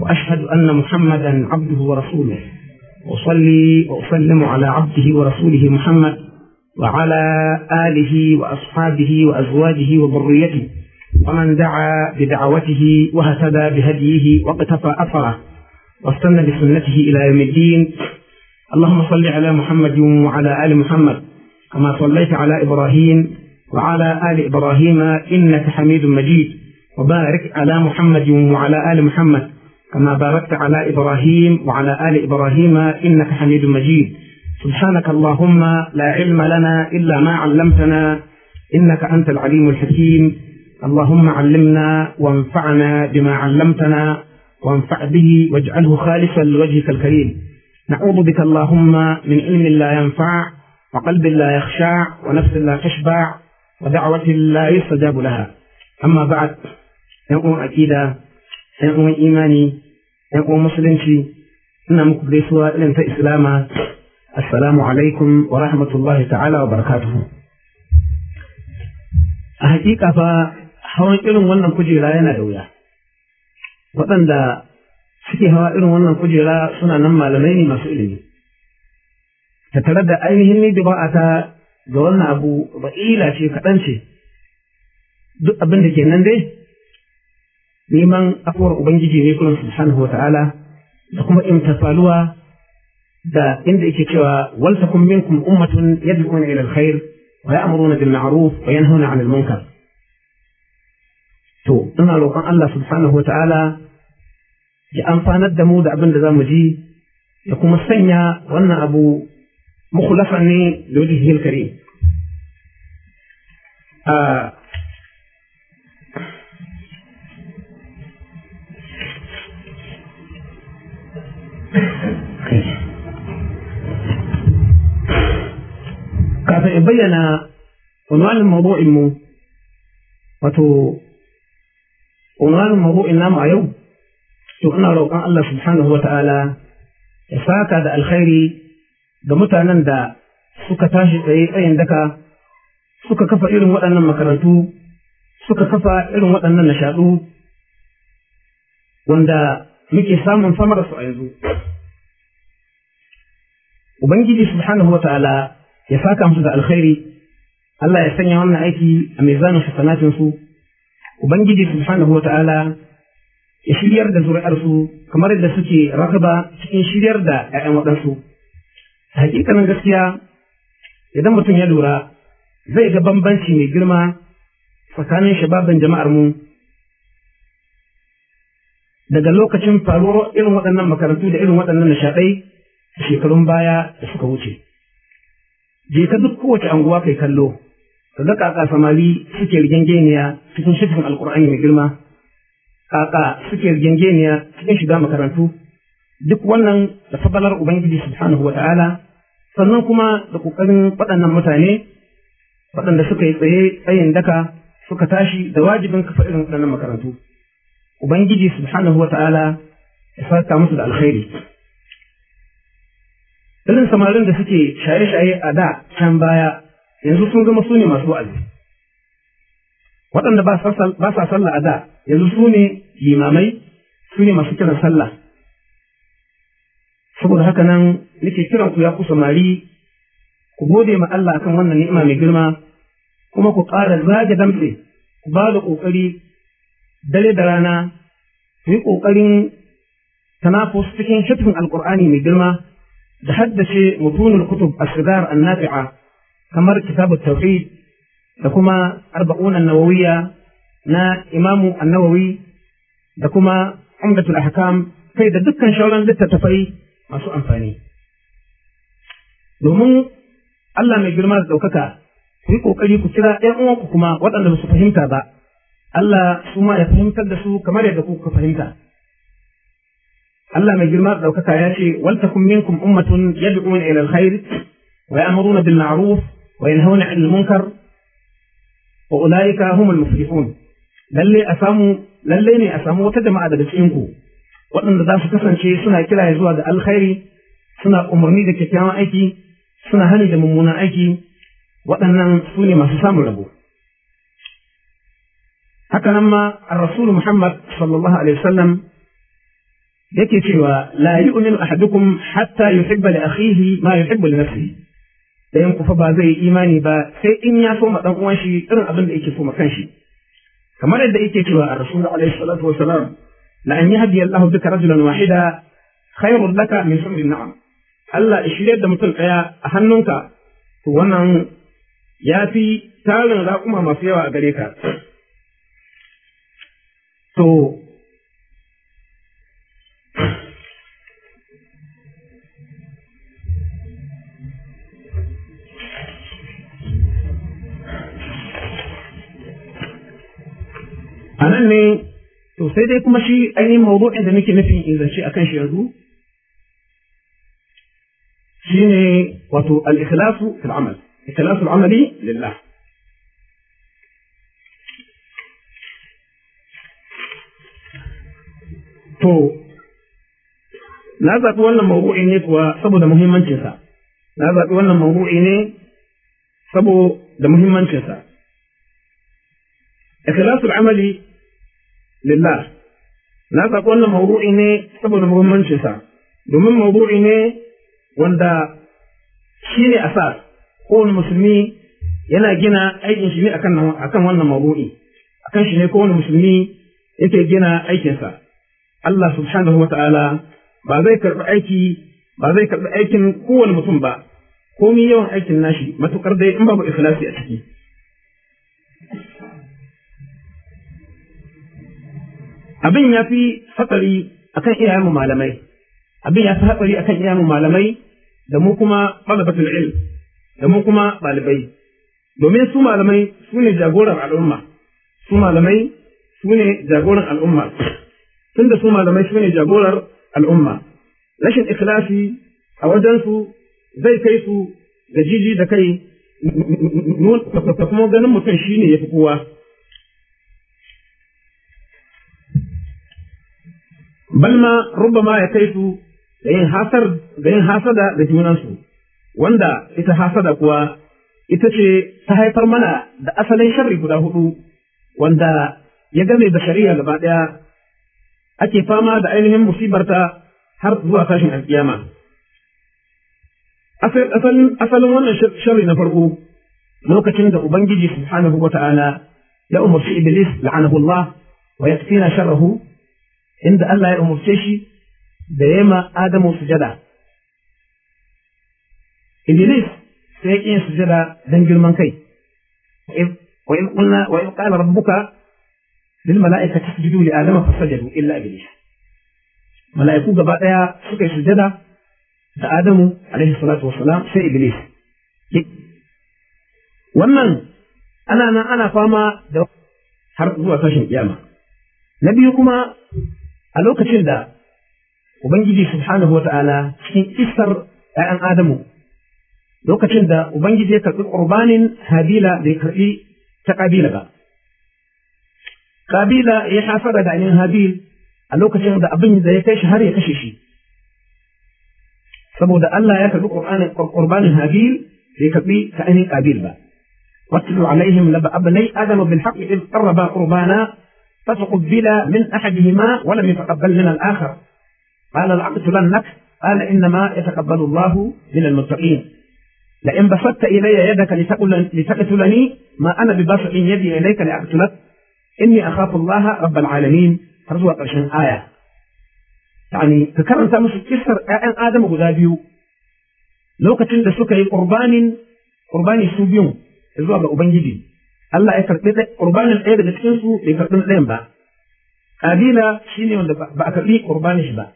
واشهد ان محمدا عبده ورسوله اصلي واسلم على عبده ورسوله محمد وعلى اله واصحابه وازواجه وذريته ومن دعا بدعوته وهتدى بهديه واقتفى اثره واستنى بسنته الى يوم الدين اللهم صل على محمد وعلى ال محمد كما صليت على ابراهيم وعلى ال ابراهيم انك حميد مجيد وبارك على محمد وعلى ال محمد كما باركت على إبراهيم وعلى آل إبراهيم إنك حميد مجيد سبحانك اللهم لا علم لنا إلا ما علمتنا إنك أنت العليم الحكيم اللهم علمنا وانفعنا بما علمتنا وانفع به واجعله خالصا لوجهك الكريم نعوذ بك اللهم من علم لا ينفع وقلب لا يخشع ونفس لا تشبع ودعوة لا يستجاب لها أما بعد نقول أكيدا sai kuma imani sai kuma musulunci ina muku gaisuwa irin ta islama assalamu alaikum wa rahmatullahi ta'ala wa barakatuhu a hakika fa hawan irin wannan kujera yana da wuya waɗanda suke hawa irin wannan kujera suna nan malamai ne masu ilimi tare da ainihin a ta ga wannan abu ba'ila ce kaɗan ce duk abin da ke nan dai neman afuwar ubangiji ne kullum subhanahu wa ta'ala da kuma in tafaluwa da inda yake cewa wal takum minkum ummatun yad'una ila alkhair wa ya'muruna bil ma'ruf wa yanhauna 'anil munkar to ina roƙon Allah subhanahu wa ta'ala ya amfanar da mu da abin da zamu ji ya kuma sanya wannan abu mukhlasan ne da wajhihil karim ah, kafin in bayyana unwanin mawdu'in mu wato unwanin mawdu'in namu a yau to ina roƙon Allah subhanahu wa ta'ala ya saka da alkhairi ga mutanen da suka tashi tsaye tsayin daka suka kafa irin waɗannan makarantu suka kafa irin waɗannan nishaɗu wanda muke samun samar su a yanzu Ubangiji subhanahu wa ta'ala ya saka musu da alkhairi Allah ya sanya wannan aiki a mizanin hasanatin su ubangiji subhanahu wata'ala ya shiryar da zuri'ar su kamar yadda suke rakaba cikin shiryar da ƴaƴan waɗansu hakikanin gaskiya idan mutum ya lura zai ga bambanci mai girma tsakanin shababin jama'ar mu daga lokacin faruwar irin waɗannan makarantu da irin waɗannan nishaɗai shekarun baya da suka wuce je ka duk kowace anguwa kai kallo ka kaka samari suke rigengeniya cikin shifin alkur'ani mai girma kaka suke rigengeniya cikin shiga makarantu duk wannan da fadalar ubangiji subhanahu wa ta'ala sannan kuma da kokarin waɗannan mutane waɗanda suka yi tsaye tsayin daka suka tashi da wajibin kafa irin waɗannan makarantu ubangiji subhanahu wa ta'ala ya saka musu da alkhairi irin samarin da suke shaye-shaye a da can baya yanzu sun zama su ne masu wa'azi waɗanda ba sa sallah a da yanzu su ne limamai su ne masu kiran sallah saboda haka nan nake kiran ku ya ku samari ku gode ma Allah akan wannan ni'ima mai girma kuma ku ƙara zage damtse ku ba da ƙoƙari dare da rana ku yi ƙoƙarin tanafus cikin shafin alƙur'ani mai girma da haddace mutunul kutub asigar annafi'a kamar kitabut tauhid da kuma arba'un annawawiyya na imamu annawawi da kuma umdatul ahkam kai da dukkan shauran littattafai masu amfani domin Allah mai girma da daukaka ku yi ƙoƙari ku kira ɗan uwanku kuma waɗanda ba su fahimta ba Allah su ma ya fahimtar da su kamar yadda ku ka fahimta Allah mai girma da ɗaukaka ya ce wal takum minkum ummatun yad'una ila alkhair wa ya'muruna bil ma'ruf wa yanhauna 'anil munkar wa ulaika humul muflihun lalle a samu lalle ne a samu wata jama'a daga cikin ku waɗanda za su kasance suna kira zuwa ga alkhairi suna umarni da kyakkyawan aiki suna hani da mummunan aiki waɗannan su ne masu samun rabo haka nan ma ar-rasul Muhammad sallallahu alaihi wasallam yake cewa la yu'minu ahadukum hatta yuhibba li akhihi ma yuhibbu li nafsihi dayan kufa ba zai imani ba sai in ya so ma dan uwan shi irin abin da yake so ma kanshi kamar yadda yake cewa a rasulullahi alaihi salatu wasalam la an yahdi Allah bika rajulan wahida khayrun laka min sumri na'am Allah shiryar da mutum daya a hannunka to wannan ya fi tarin raƙuma masu yawa a gare ka to anan ne to sai dai kuma shi ainihin mawdu'in da nake nufin in zance akan shi yanzu shine wato al-ikhlasu fil amal ikhlasu al-amali lillah to na zaɓi wannan mawdu'i ne kuwa saboda muhimmancinsa na zaɓi wannan mawdu'i ne saboda muhimmancinsa ikhlasul amali lillah na zaɓi wannan mawru'i ne saboda muhimmancin sa domin mawru'i ne wanda shine asas kowane musulmi yana gina aikin shi ne akan akan wannan mawru'i akan shi ne kowane musulmi yake gina aikinsa Allah subhanahu wa ba zai karɓi aiki ba zai karɓi aikin kowane mutum ba komi yawan aikin nashi matukar dai in babu ikhlasi a ciki abin ya fi hatsari akan iyayenmu malamai abin ya fi hatsari akan iyayenmu malamai da mu kuma talabatul ilm da mu kuma ɗalibai domin su malamai su ne jagoran al'umma su malamai su ne jagoran al'umma tun da su malamai su ne jagorar al'umma rashin ikilasi a wajensu zai kai su da jiji da kai nuna kuma ganin mutum ne ya fi kowa balma rubbama ya kai su da yin hasar da yin hasada da junansu wanda ita hasada kuwa ita ce ta haifar mana da asalin sharri guda hudu wanda ya game da shari'a gaba daya ake fama da ainihin musibarta har zuwa tashin alkiyama asalin asalin wannan sharri na farko lokacin da ubangiji subhanahu wata'ala ya umarci iblis la'anahu Allah wa yakfina sharrahu inda Allah ya umarce shi da ma Adamu sujada. Iblis sai ya ƙin sujada don girman kai. Wa in qulna wa in qala rabbuka lil mala'ikati isjudu li adama fasajadu illa iblis. Mala'iku gaba ɗaya suka yi sujada da Adamu alaihi salatu wassalam sai iblis. Wannan ana nan ana fama da har zuwa tashin kiyama. Na biyu kuma a lokacin da ubangiji subhanahu wa ta'ala cikin isar ‘ya'yan adamu lokacin da ubangiji ya karɓi ƙurbanin habila bai karɓi ta ƙabila ba ƙabila ya shafara da ainihin habil a lokacin da abin da ya kai shi har ya kashe shi saboda Allah ya karɓi ƙurbanin habil bai karɓi ta ainihin ƙabil ba واتل عليهم نبأ بني آدم بالحق إذ قربا قربانا فتقبل من أحدهما ولم يتقبل من الآخر قال لأقتلنك قال إنما يتقبل الله من المتقين لئن بسطت إلي يدك لتقتلني ما أنا بباسط يدي إليك لأقتلك إني أخاف الله رب العالمين har zuwa آية يعني Yani, ka كسر آن آدم ‘ya'yan Adamu guda biyu, lokacin da suka yi ƙurbanin, ƙurbani Allah ya karɓi ƙurbanin ɗaya daga cikin su bai karɓi ɗayan ba Habila shine wanda ba a karɓi ƙurbanin shi ba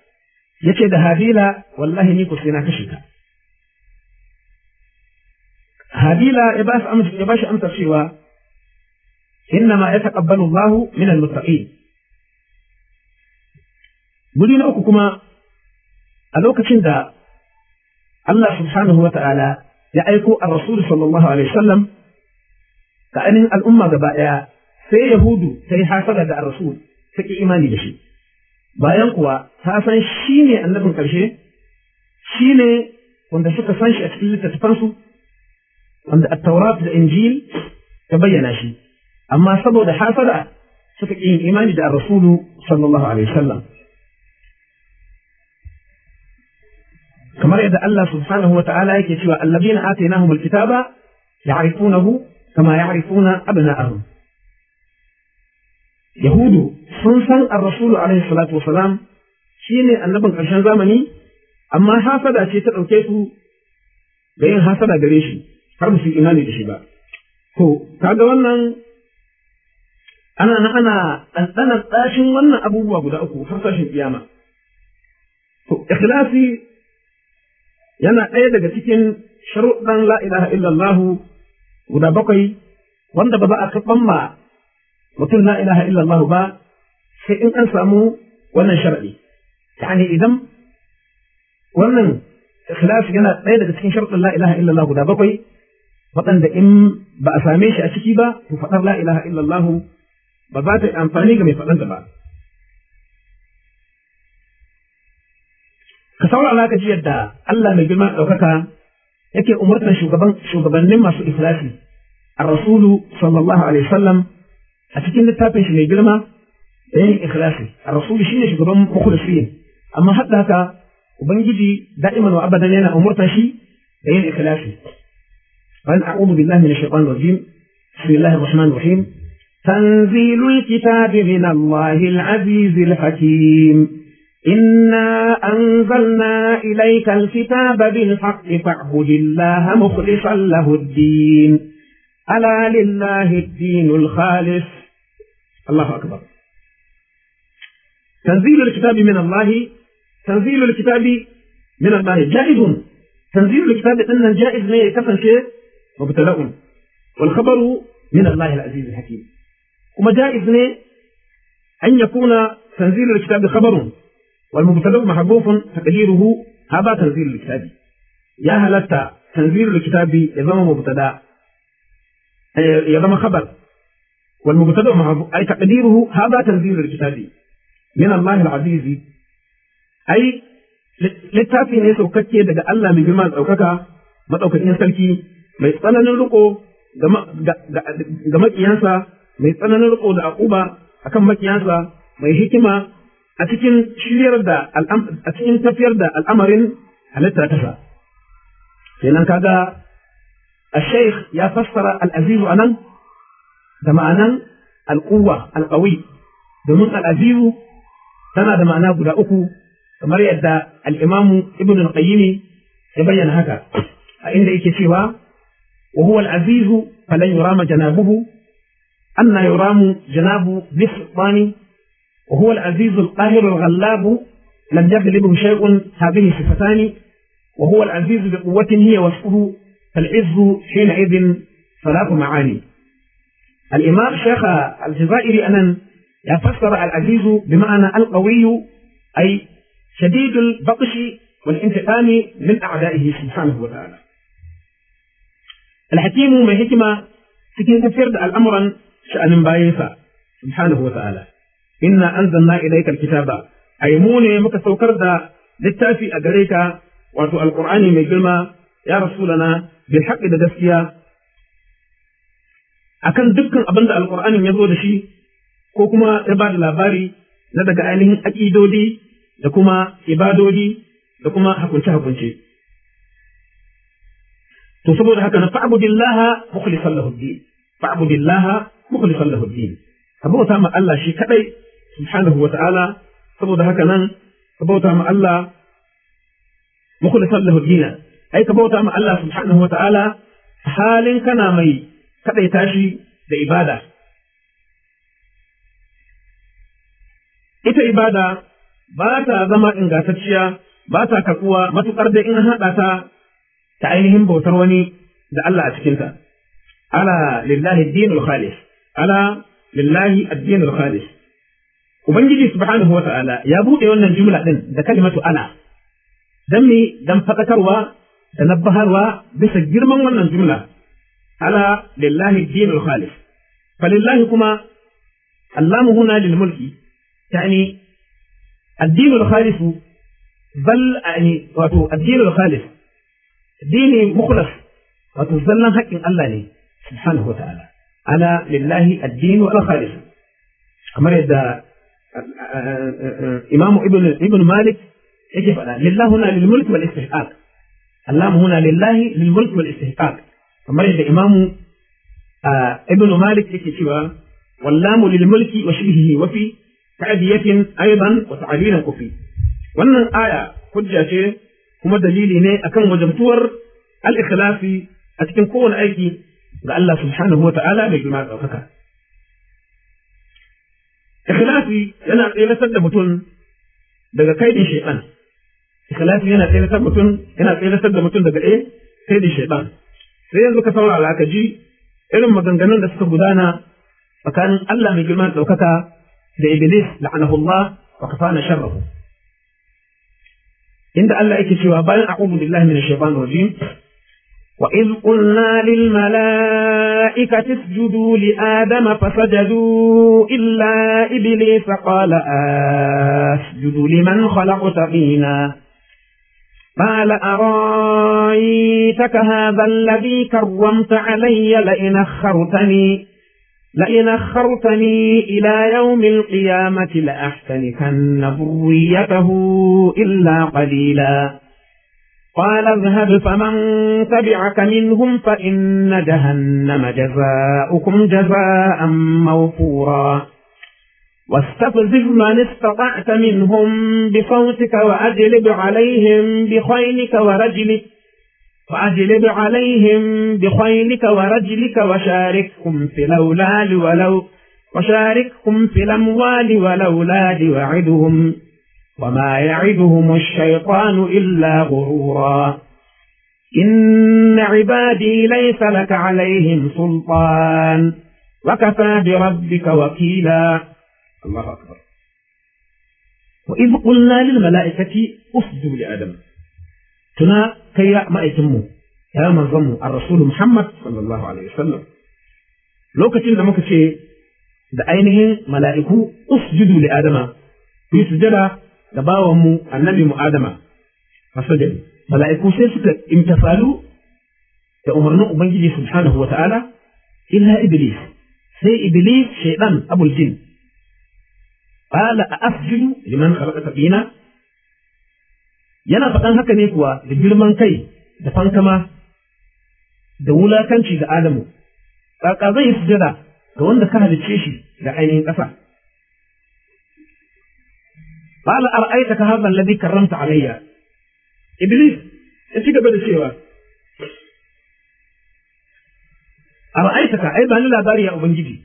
yace da Habila wallahi ni ku sai na kashe ka Habila ya ba shi amsa ya ba shi amsa cewa إنما يتقبل الله من المتقين guri na uku kuma a lokacin da Allah subhanahu wa ta'ala ya aiko a Rasulu sallallahu Alaihi wasallam ga ainihin al'umma gaba ɗaya sai yahudu ta yi hasada da rasul ta ƙi imani da shi bayan kuwa ta san shi ne annabin ƙarshe shi ne wanda suka san shi a cikin littattafansu wanda a taurat da injil ta bayyana shi amma saboda hasara suka ƙi imani da rasulu sallallahu alaihi wasallam kamar yadda Allah subhanahu wa ta'ala yake cewa allazina atainahumul kitaba ya'rifunahu kama a abna'ahum yahudu sun san a rasulu alaihi shi ne shine annabin ƙarshen zamani amma hasada ce ta ɗauke su da yin hasada gare shi har musu imani da shi ba to kaga wannan ana nan ana ɗanɗanar ɗashin wannan abubuwa guda uku har tashin kiyama to ikhlasi yana ɗaya daga cikin sharuɗan la'ilaha illallahu. guda bakwai wanda ba za a karɓan ma mutum la ilaha illallahu ba sai in an samu wannan sharaɗi yani idan wannan ikhlas yana ɗaya daga cikin sharuɗin la ilaha illallah guda bakwai waɗanda in ba a same shi a ciki ba to faɗar la ilaha illallah ba za ta yi amfani ga mai da ba ka saurara ka ji yadda Allah mai girma ɗaukaka yake umurtar shugaban shugabannin masu ikhlasi a rasulu sallallahu alaihi wasallam a cikin littafin shi mai girma da yin ikhlasi ar-rasulu shine shugaban mukhlisin amma hadda haka ubangiji da'iman wa abadan yana umurtar shi da yin ikhlasi an a'udhu billahi minash shaitanir rajim bismillahir rahmanir rahim تنزيل الكتاب من الله العزيز الحكيم إنا أنزلنا إليك الكتاب بالحق فاعبد الله مخلصا له الدين ألا لله الدين الخالص الله أكبر تنزيل الكتاب من الله تنزيل الكتاب من الله جائز تنزيل الكتاب إن الجائز ما كفن شيء مبتلأ والخبر من الله العزيز الحكيم وما جائز أن يكون تنزيل الكتاب خبر والمبتدا محذوف تقديره هذا تنزيل الكتاب يا هلتا تنزيل الكتاب يزم مبتدا يزم خبر والمبتدا محذوف أي تقديره هذا تنزيل الكتاب من الله العزيز أي littafi ne saukakke daga Allah mai girma ɗaukaka maɗaukakin sarki mai tsananin riko ga makiyansa mai tsananin riko da akuba akan makiyansa mai hikima a cikin shiryar a cikin tafiyar da al'amarin halitta tasa kenan kaga الشيخ يا فسر الأزيز أنا ده معنى القوة القوي دمون الأزيز tana da ma'ana guda uku, kamar yadda al'imamu ibn al-qayyimi ya bayyana haka a inda yake cewa wa huwa al-azizu falan yurama janabuhu anna yuramu janabu bisbani وهو العزيز القاهر الغلاب لم يغلبه شيء هذه صفتان وهو العزيز بقوة هي وصفه فالعز حينئذ ثلاث معاني الإمام شيخ الجزائري أنا يفسر العزيز بمعنى القوي أي شديد البطش والانتقام من أعدائه سبحانه وتعالى الحكيم ما هكما سكين الأمر شأن al'amuran سبحانه وتعالى inna anzalna ilaykal kitaba ai mu ne muka saukar da littafi a gare ka wato alqur'ani mai girma ya rasulana bil haqqi da gaskiya akan dukkan abin da alqur'anin ya zo da shi ko kuma ya ba da labari na daga ainihin aƙidodi da kuma ibadodi da kuma hakunce-hakunce. To saboda haka na fa'abudillaha mukhlisan lahu din. Fa'abudillaha mukhlisan lahu din. Ka bauta ma Allah shi kadai subhanahu wata'ala saboda haka nan ka bauta ma Allah mukhlishan lahu dina ai ka bauta ma Allah subhanahu wata'ala halin kana mai kadaita shi da ibada ita ibada ba ta zama ingantacciya ba ta kakuwa matuƙar da in hada ta ta ainihin bautar wani da Allah a cikinta. Ala lillahi addinul khalis. Ala lillahi addinul khalis. ubangiji subhanahu wa ta'ala ya buɗe wannan jumla ɗin da kalimatu ana dan mi dan fadakarwa da nabbaharwa bisa girman wannan jumla ala lillahi dinul fa lillahi kuma allamu huna lil mulki yani addinul khalis bal yani wato addinul khalis dini mukhlas wato zallan haƙƙin Allah ne subhanahu wa ta'ala ala lillahi addinu al khalis kamar yadda imamu ibn malik yake faɗa lillahu huna lil mulk wal istihqaq allahu huna lillahi lil mulk wal istihqaq kamar yadda imamu ibn malik yake cewa wallamu lil mulki wa shibhihi wa fi ta'diyatin aidan wa ta'dilan kufi wannan aya hujja kuma dalili ne akan wajabtuwar al-ikhlasi a cikin kowane aiki ga Allah subhanahu wa ikhlasi yana tsayar da mutum daga kaidin shaitan ikhlasi yana tsayar da mutum yana tsayar da mutum daga eh kaidin shaitan sai yanzu ka saurara ka ji irin maganganun da suka gudana tsakanin Allah mai girma ɗaukaka da Iblis la'anahullah wa kafana sharruhu inda Allah yake cewa bayan a'udhu billahi minash shaitanir rajim وإذ قلنا للملائكة اسجدوا لآدم فسجدوا إلا إبليس قال أسجد لمن خلقت فينا قال أرايتك هذا الذي كرمت علي لئن أخرتني لئن أخرتني إلى يوم القيامة لأحتنكن ذريته إلا قليلاً قال اذهب فمن تبعك منهم فإن جهنم جزاؤكم جزاء موفورا واستفزف من استطعت منهم بصوتك وأجلب عليهم بخيلك ورجلك وأجلب عليهم بخيلك ورجلك وشاركهم في الأولاد ولو وشاركهم في الأموال والأولاد وعدهم وما يعدهم الشيطان إلا غرورا إن عبادي ليس لك عليهم سلطان وكفى بربك وكيلا الله أكبر وإذ قلنا للملائكة أسجدوا لآدم تنا كي ما يتموا يا من ظنوا الرسول محمد صلى الله عليه وسلم لو da لما ce بأينه ملائكة اسجدوا لآدم li ga bawan mu annabi mu adama fasajadu mala'iku sai suka imtasalu da umarnin ubangiji subhanahu wa ta'ala illa iblis sai iblis shaidan abul jin qala a asjudu liman khalaqa tabina yana faɗan haka ne kuwa da girman kai da fankama da wulakanci ga adamu Ƙaƙa zai sujada ga wanda ka halicce shi da ainihin ƙasa قال أرأيتك هذا الذي كرمت علي إبليس إيش قبل السيوة أرأيتك أي بان لا داري يا أبن جدي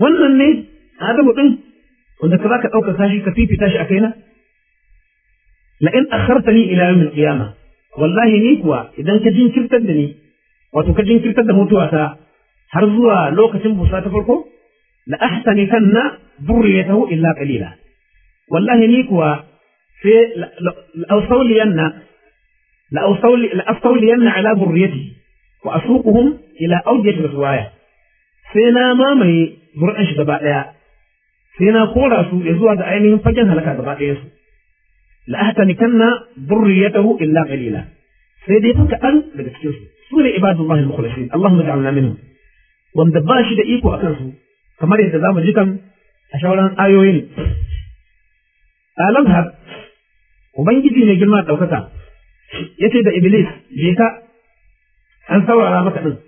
ونن هذا مطن وإذا كذاك أوك ساشي في تاشي أكينا لئن أخرتني إلى يوم القيامة والله نيكوا إذا كجين كرتدني wato ka jinkirtar da mutuwa ta har zuwa lokacin busa ta farko la ahsani sanna wallahi ni kuwa sai la'ausauliyanna la'ausauliyanna ala burriyati wa asuquhum ila awjati riwaya sai na mamaye burɗan shi gaba ɗaya sai na kora su ya zuwa ga ainihin fagen halaka gaba ɗaya su la'ahtanikanna burriyatahu illa qalila sai dai fa kaɗan daga cikin su su ne ibadullahi al-mukhlasin Allahumma ja'alna minhum wanda ba shi da iko akan su kamar yadda zamu ji kan a shauran ayoyin alam har ubangiji ne girma ɗaukaka yace da iblis je ka an saurara maka din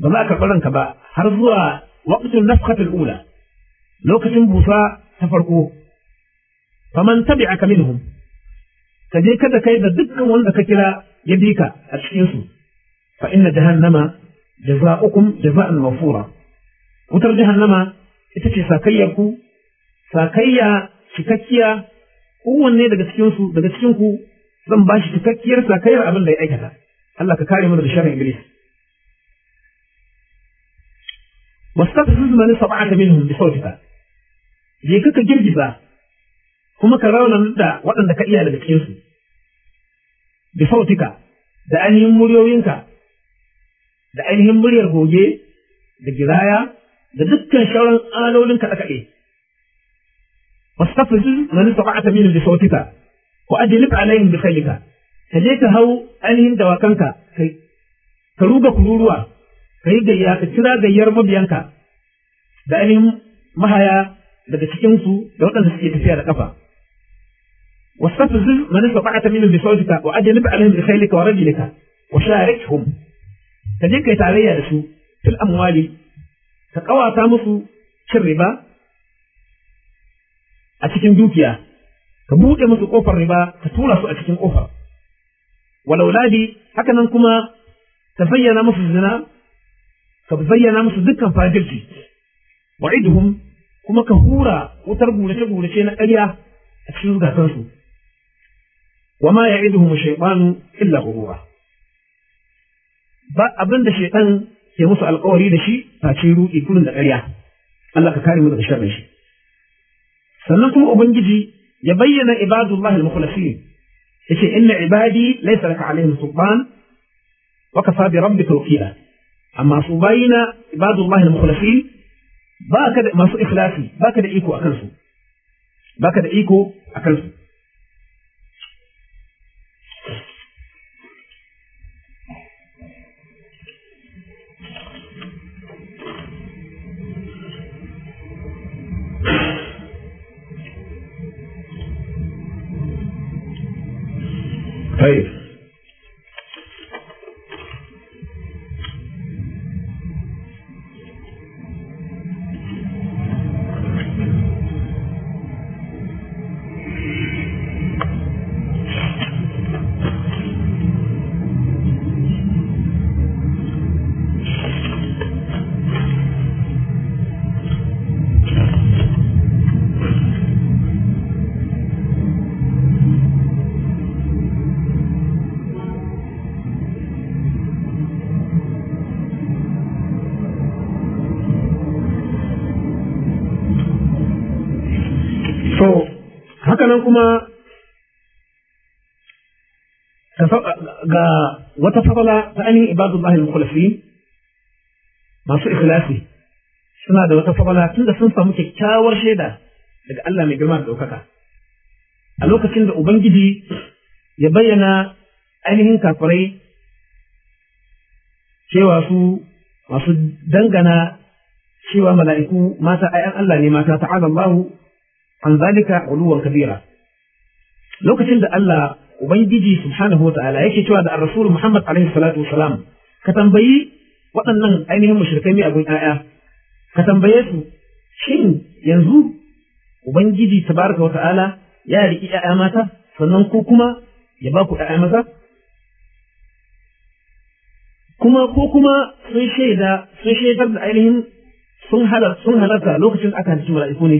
ba za ka ranka ba har zuwa waqtul nafkhatul ula lokacin busa ta farko faman tabi'aka minhum ka je ka da kai da dukkan wanda ka kira ya bi ka a cikin su fa inna jahannama jaza'ukum jaza'an mafura wutar jahannama ita ce sakayyarku sakayya cikakkiya kowanne daga cikinsu daga cikinku zan ba shi cikakkiyar sakayyar abin da ya aikata Allah ka kare mu daga sharrin iblis wastaqfiz man sab'aka minhum bi sawtika je ka girgiza kuma ka rauna da waɗanda ka iya daga cikinsu bi da ainihin muryoyinka da ainihin muryar goge da giraya da dukkan shauran alolinka da kaɗe واستفز من استطعت منهم بصوتك وأجلب عليهم بخيلك كجيك هو أنهم دواكنك كي كروبا كروروا كي جيا كترا جيار مبيانك بأنهم مهيا daga cikinsu da waɗanda suke tafiya da ƙafa واستفز من استطعت منهم بصوتك وأجلب عليهم بخيلك ورجلك وشاركهم كجيك يتعلي رسول في الأموال ka ƙawata musu cin riba a cikin dukiya ka buɗe musu ƙofar riba ka tura su a cikin ƙofar walauladi haka nan kuma ka zayyana musu zina ka zayyana musu dukkan fajirci wa'idhum kuma ka hura wutar gurace-gurace na ƙarya a cikin zukatansu wa ma ya'iduhum shaytanu illa ghurura ba abin da shaytan ke musu alƙawari da shi face ruɗi kullun da ƙarya Allah ka kare mu daga sharrin shi sannan kuma ubangiji ya bayyana ibadullahi al-mukhlasin yace inna ibadi laysa laka alaihim sultan wa kafa bi rabbika wakila amma su bayina ibadullahi al-mukhlasin baka da masu ikhlasi baka da iko akan su baka da iko akan su pay kuma ga wata fasala ta ainihin ibadullahi al-mukhlasin masu ikhlasi suna da wata tun tunda sun samu kyakkyawar shaida daga Allah mai girma da ɗaukaka a lokacin da ubangiji ya bayyana ainihin kafirai cewa su masu dangana cewa mala'iku mata ayan Allah ne mata ta'ala Allahu an zalika uluwan kabira lokacin da Allah ubangiji subhanahu wa ta'ala yake cewa da rasul Muhammad alaihi salatu wasalam ka tambayi waɗannan ainihin mushrikai mai abin ƴaƴa ka tambaye su shin yanzu ubangiji tabaraka wa ta'ala ya riki ƴaƴa mata sannan ko kuma ya ba ku ƴaƴa maza kuma ko kuma sun shaida sun shaidar da ainihin sun halarta lokacin aka halarci mala'iku ne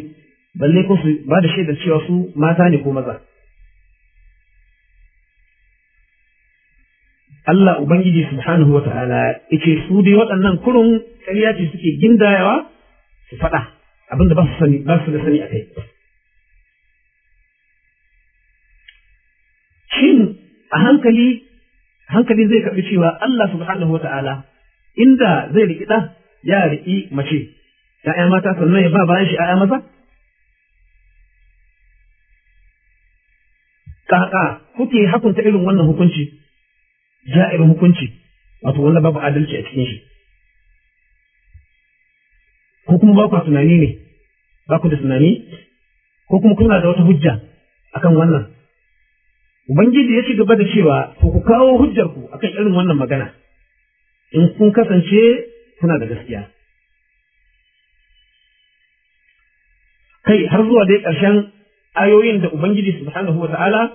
balle ko su ba da shaidar cewa su mata ne ko maza Allah Ubangiji subhanahu wa ta'ala yake su dai waɗannan kurun ƙarya ce suke gindayawa su faɗa abinda ba su sani ba su da sani a kai. Shin a hankali hankali zai karɓi cewa Allah subhanahu wa ta'ala inda zai riƙi ɗa ya riƙi mace ‘ya'ya mata sannan ya ba bayan shi ‘ya'ya maza? Ƙaƙa kuke hakunta irin wannan hukunci. ja'ir hukunci wato wanda babu adalci a cikin shi ko kuma ba ku tunani ne ba ku da tunani ko kuma kuna da wata hujja akan wannan ubangiji ya ci gaba da cewa to ku kawo hujjar ku akan irin wannan magana in kun kasance kuna da gaskiya kai har zuwa dai ƙarshen ayoyin da ubangiji subhanahu wa ta'ala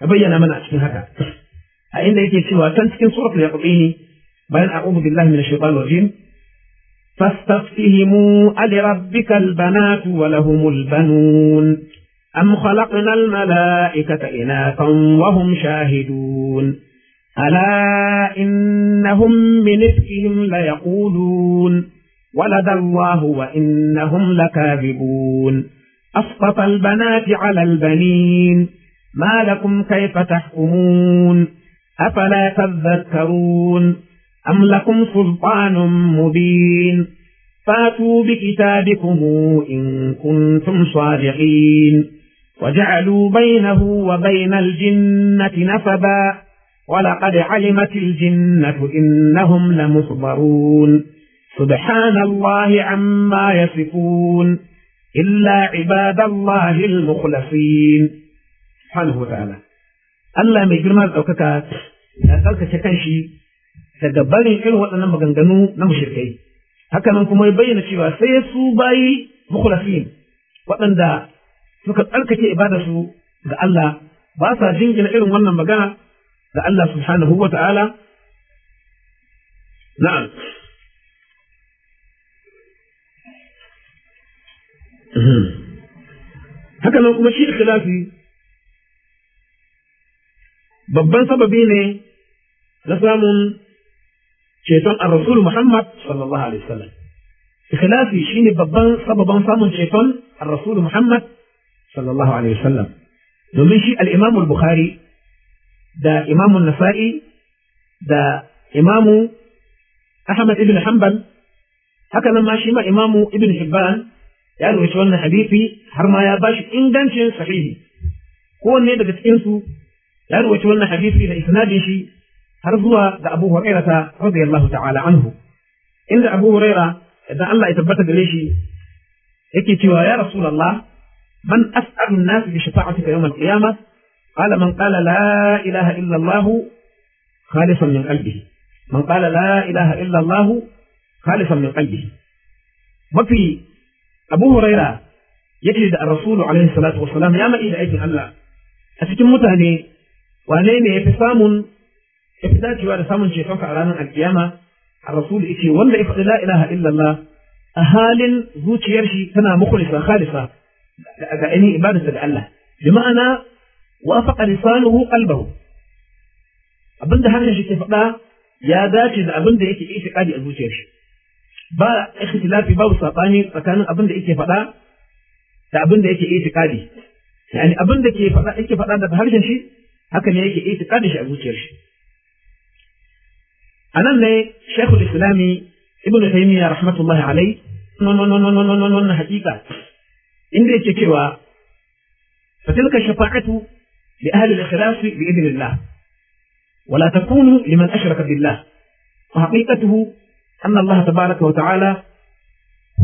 ya bayyana mana cikin haka a inda yake cewa can cikin suratul yaqini bayan a'udhu billahi minash shaitanir rajim فاستفتهموا ألربك البنات ولهم البنون أم خلقنا الملائكة إناثا وهم شاهدون ألا إنهم من إفكهم ليقولون ولد الله وإنهم لكاذبون أسقط البنات على البنين ما لكم كيف تحكمون أفلا تذكرون أم لكم سلطان مبين فاتوا بكتابكم إن كنتم صادقين وجعلوا بينه وبين الجنة نسبا ولقد علمت الجنة إنهم لمصبرون سبحان الله عما يصفون إلا عباد الله المخلصين سبحانه وتعالى Allah mai girma da ɗaukaka ya ɗaukace kanshi daga barin irin waɗannan maganganu na mushrikai haka nan kuma ya bayyana cewa sai su bayi mukhlasin waɗanda suka tsarkake su ga Allah ba sa jingina irin wannan magana ga Allah subhanahu wa ta'ala na'am haka nan kuma shi ikhlasi babban sababi ne na samun ceton a rasulu Muhammad sallallahu alaihi wasallam ikhlasi shine babban sababin samun ceton a rasulu Muhammad sallallahu alaihi wasallam domin shi al'imamul bukhari da imamun nasai da imamu Ahmad ibn Hanbal haka nan ma shi ma imamu Ibn Hibban ya rubuta wannan hadisi har ma ya bashi ingancin sahihi kowanne daga cikinsu. لأن وجهنا حديث في الإسناد شيء هرزوا أبو هريرة رضي الله تعالى عنه إن أبو هريرة إذا الله يثبت بليش إكتوا يا رسول الله من أسأل الناس بشفاعتك يوم القيامة قال من قال لا إله إلا الله خالصا من قلبه من قال لا إله إلا الله خالصا من قلبه وفي أبو هريرة يجد الرسول عليه الصلاة والسلام يا ما إيه أيها الله أسكن متهني wane ne ya fi samun ya fi dacewa da samun cetonka a ranar alkiyama a rasulu yace wanda ya faɗi la ilaha illallah a halin zuciyar shi tana mukhlisa khalisa ga ainihin ibadarsa da Allah bi ma'ana wa wafaqa lisanuhu qalbahu abinda harshen shi ke faɗa ya dace da abinda yake itiqadi a zuciyar shi ba ikhtilafi babu sabani tsakanin abinda yake faɗa da abinda yake itiqadi yani abinda ke faɗa yake faɗa da harshen shi haka ne yake ita kada shi a zuciyar shi anan ne shaykhu al islami ibn taymiya rahmatullahi no no no no no no non hakika inda yake cewa fatilka shafa'atu li ahli al-ikhlas bi idnillah wa la takunu liman ashraka billah fa haqiqatuhu anna allah الله wa ta'ala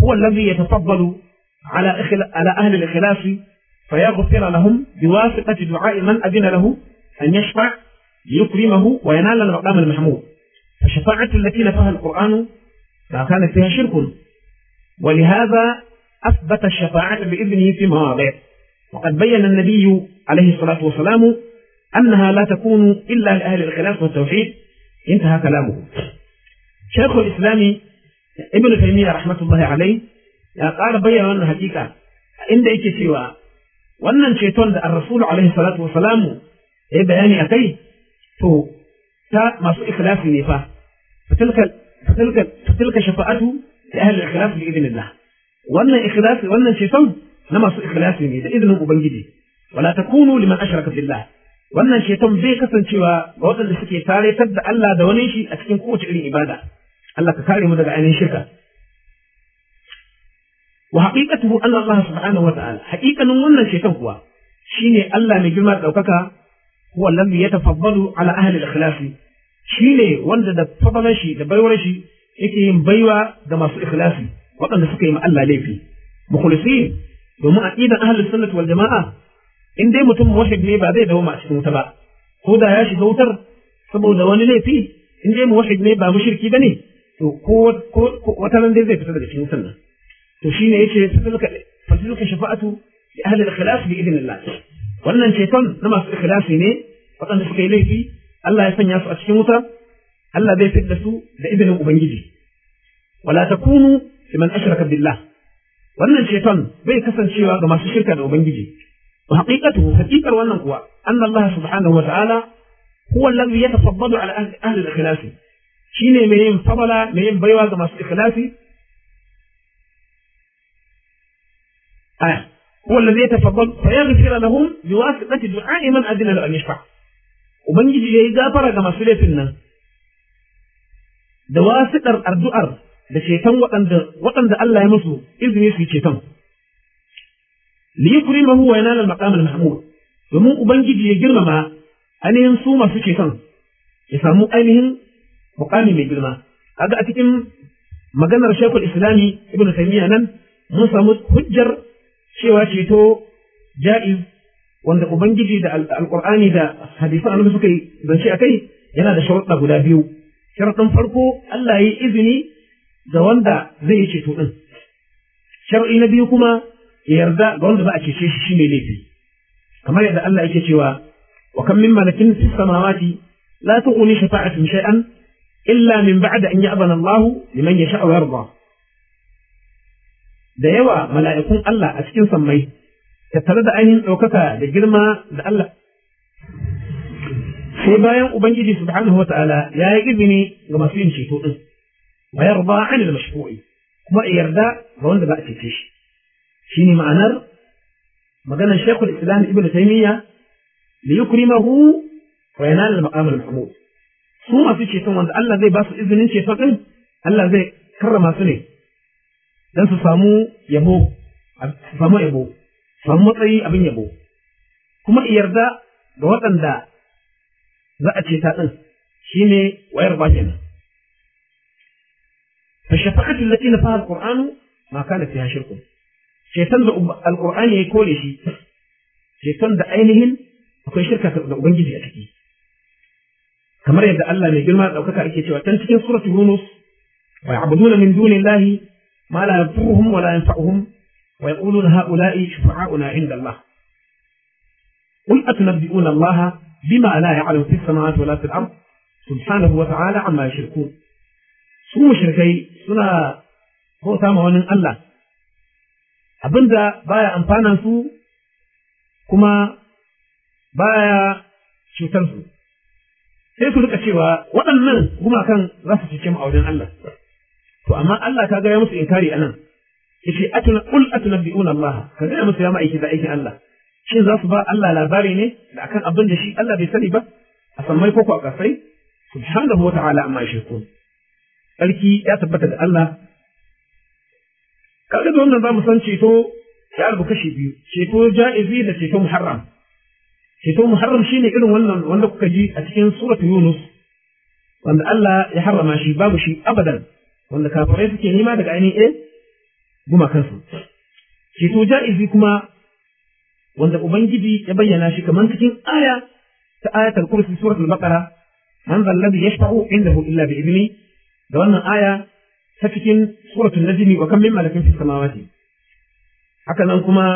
هو الذي يتفضل على على أهل الإخلاص فيغفر لهم بواسطة دعاء من أذن له أن يشفع ليكرمه وينال المقام المحمود فالشفاعة التي نفاها القرآن كانت فيها شرك ولهذا أثبت الشفاعة بإذنه في مواضع وقد بين النبي عليه الصلاة والسلام أنها لا تكون إلا لأهل الخلاف والتوحيد انتهى كلامه شيخ الإسلام ابن تيمية رحمة الله عليه قال بين أن wannan hakika inda سوى وأن الشيطان الرسول عليه الصلاة والسلام ya eh, yi bayani a kai to ta masu ikhlasi ne fa fatilka shafa'atu da ahli ikhlasi bi idnillah wannan ikhlasi wannan ceton na masu ikhlasi ne da izinin ubangiji wala kunu liman ashraka billah wannan ceton bai kasancewa ga waɗanda suke tare da Allah da wani shi a cikin kowace irin ibada Allah ka kare mu daga ainihin shirka wa haqiqatuhu anna Allah subhanahu wa ta'ala haqiqanin wannan ceton kuwa shine Allah mai girma daukaka huwa alladhi yatafaddalu ala ahli al shi ne wanda da fadalan da baiwar shi yake yin baiwa ga masu ikhlasi waɗanda suka yi ma Allah laifi mukhlisin domin aqidan ahli sunnah wal jamaa in dai mutum muwahhid ne ba zai dawo a cikin ba ko da ya shiga wutar saboda wani laifi in dai muwahhid ne ba mushriki bane to ko ko wata ran zai fita daga cikin wutar nan to shine yace fasalka fasalka shafa'atu li ahli al-ikhlas bi idnillah wannan ceton na masu ikhlasi ne waɗanda suka yi laifi Allah ya sanya su a cikin wuta Allah zai fidda su da izinin ubangiji wala takunu liman ashraka billah wannan ceton bai kasancewa ga masu shirka da ubangiji wa haqiqatuhu haqiqar wannan kuwa anna Allah subhanahu wa ta'ala huwa alladhi yatafaddalu ala ahli al-ikhlas shine mai yin fadala mai yin baiwa ga masu ikhlasi aya هو الذي يتفضل فيغفر لهم بواسطة دعاء من أذن له أن يشفع ubangiji ya yi gafara ga masu laifin nan da wasiƙar addu'ar da ceton waɗanda Allah ya musu izini su yi ceton li yukrimahu wa yanal maqam al-mahmud domin ubangiji ya girmama ainihin su masu ceton ya samu ainihin muƙami mai girma kaga a cikin maganar shekul islami ibn taymiya nan mun samu hujjar cewa ceto ja'iz wanda ubangiji da Alƙur'ani da hadisan annabi suka yi zance kai, yana da sharuɗa guda biyu sharuɗin farko Allah yi izini ga wanda zai yi ceto ɗin. sharuɗi na biyu kuma ya yarda ga wanda za a cece shi shine laifi kamar yadda Allah yake cewa wa kam min malakin fis samawati la tughni shafa'atun shay'an illa min ba'da an ya'bana Allah liman yasha'u yarda da yawa mala'ikun Allah a cikin sammai tattare da ainihin ɗaukaka da girma da Allah sai bayan ubangiji subhanahu wa ta'ala ya yi izini ga masu yin ceto din wa yarda a mashfu'i kuma yarda ga wanda za a cece shi shine ma'anar maganar shekul islam ibn taymiya li yukrimahu wa yanal maqam al su masu ceton wanda Allah zai ba su izinin ceto ɗin Allah zai karrama su ne don su samu yabo su samu yabo su samu matsayi abin yabo kuma in yarda da waɗanda za a ce ta ɗin shi ne wayar ba kenan fa shafaqatul lati nafaha alquran ma kana fiha shirkun shaitan da alqur'ani ya kore shi shaitan da ainihin akwai shirka da ubangiji a ciki kamar yadda Allah mai girma da ɗaukaka ake cewa can cikin suratul yunus wa ya'buduna min dunillahi ma la yanfuruhum wa la yanfa'uhum wa yaquluna ha'ula'i shufa'a'una 'inda Allah قل أتنبئون الله بما لا يعلم في السماوات ولا في الأرض سبحانه وتعالى عما يشركون su mushrikai suna bauta ma wani Allah abinda baya amfana su kuma baya cutar su sai su rika cewa waɗannan gumakan za su cece ma'aunin Allah to amma Allah ta gaya musu inkari anan yace atuna qul atunabbi'una Allah ka gaya musu ya ma'aiki da aikin Allah shin za su ba Allah labari ne da akan abin da shi Allah bai sani ba a sammai ko a kasai subhanahu wata'ala amma shirkun sarki ya tabbata da Allah kaga da wannan zamu san ceto ya rubu kashi biyu ceto ja'izi da ceto muharram ceto muharram shine irin wannan wanda kuka ji a cikin suratu yunus wanda Allah ya harrama shi babu shi abadan wanda kafirai suke nema daga ainihin a eh, gumakansu ceto ja'izi kuma wanda ubangiji ya bayyana shi kamar cikin aya ta ayatul kursi suratul baqara man zal ladhi yashfa'u indahu illa bi idni da wannan aya ta cikin suratul najmi wa kam min malakin fis samawati haka nan kuma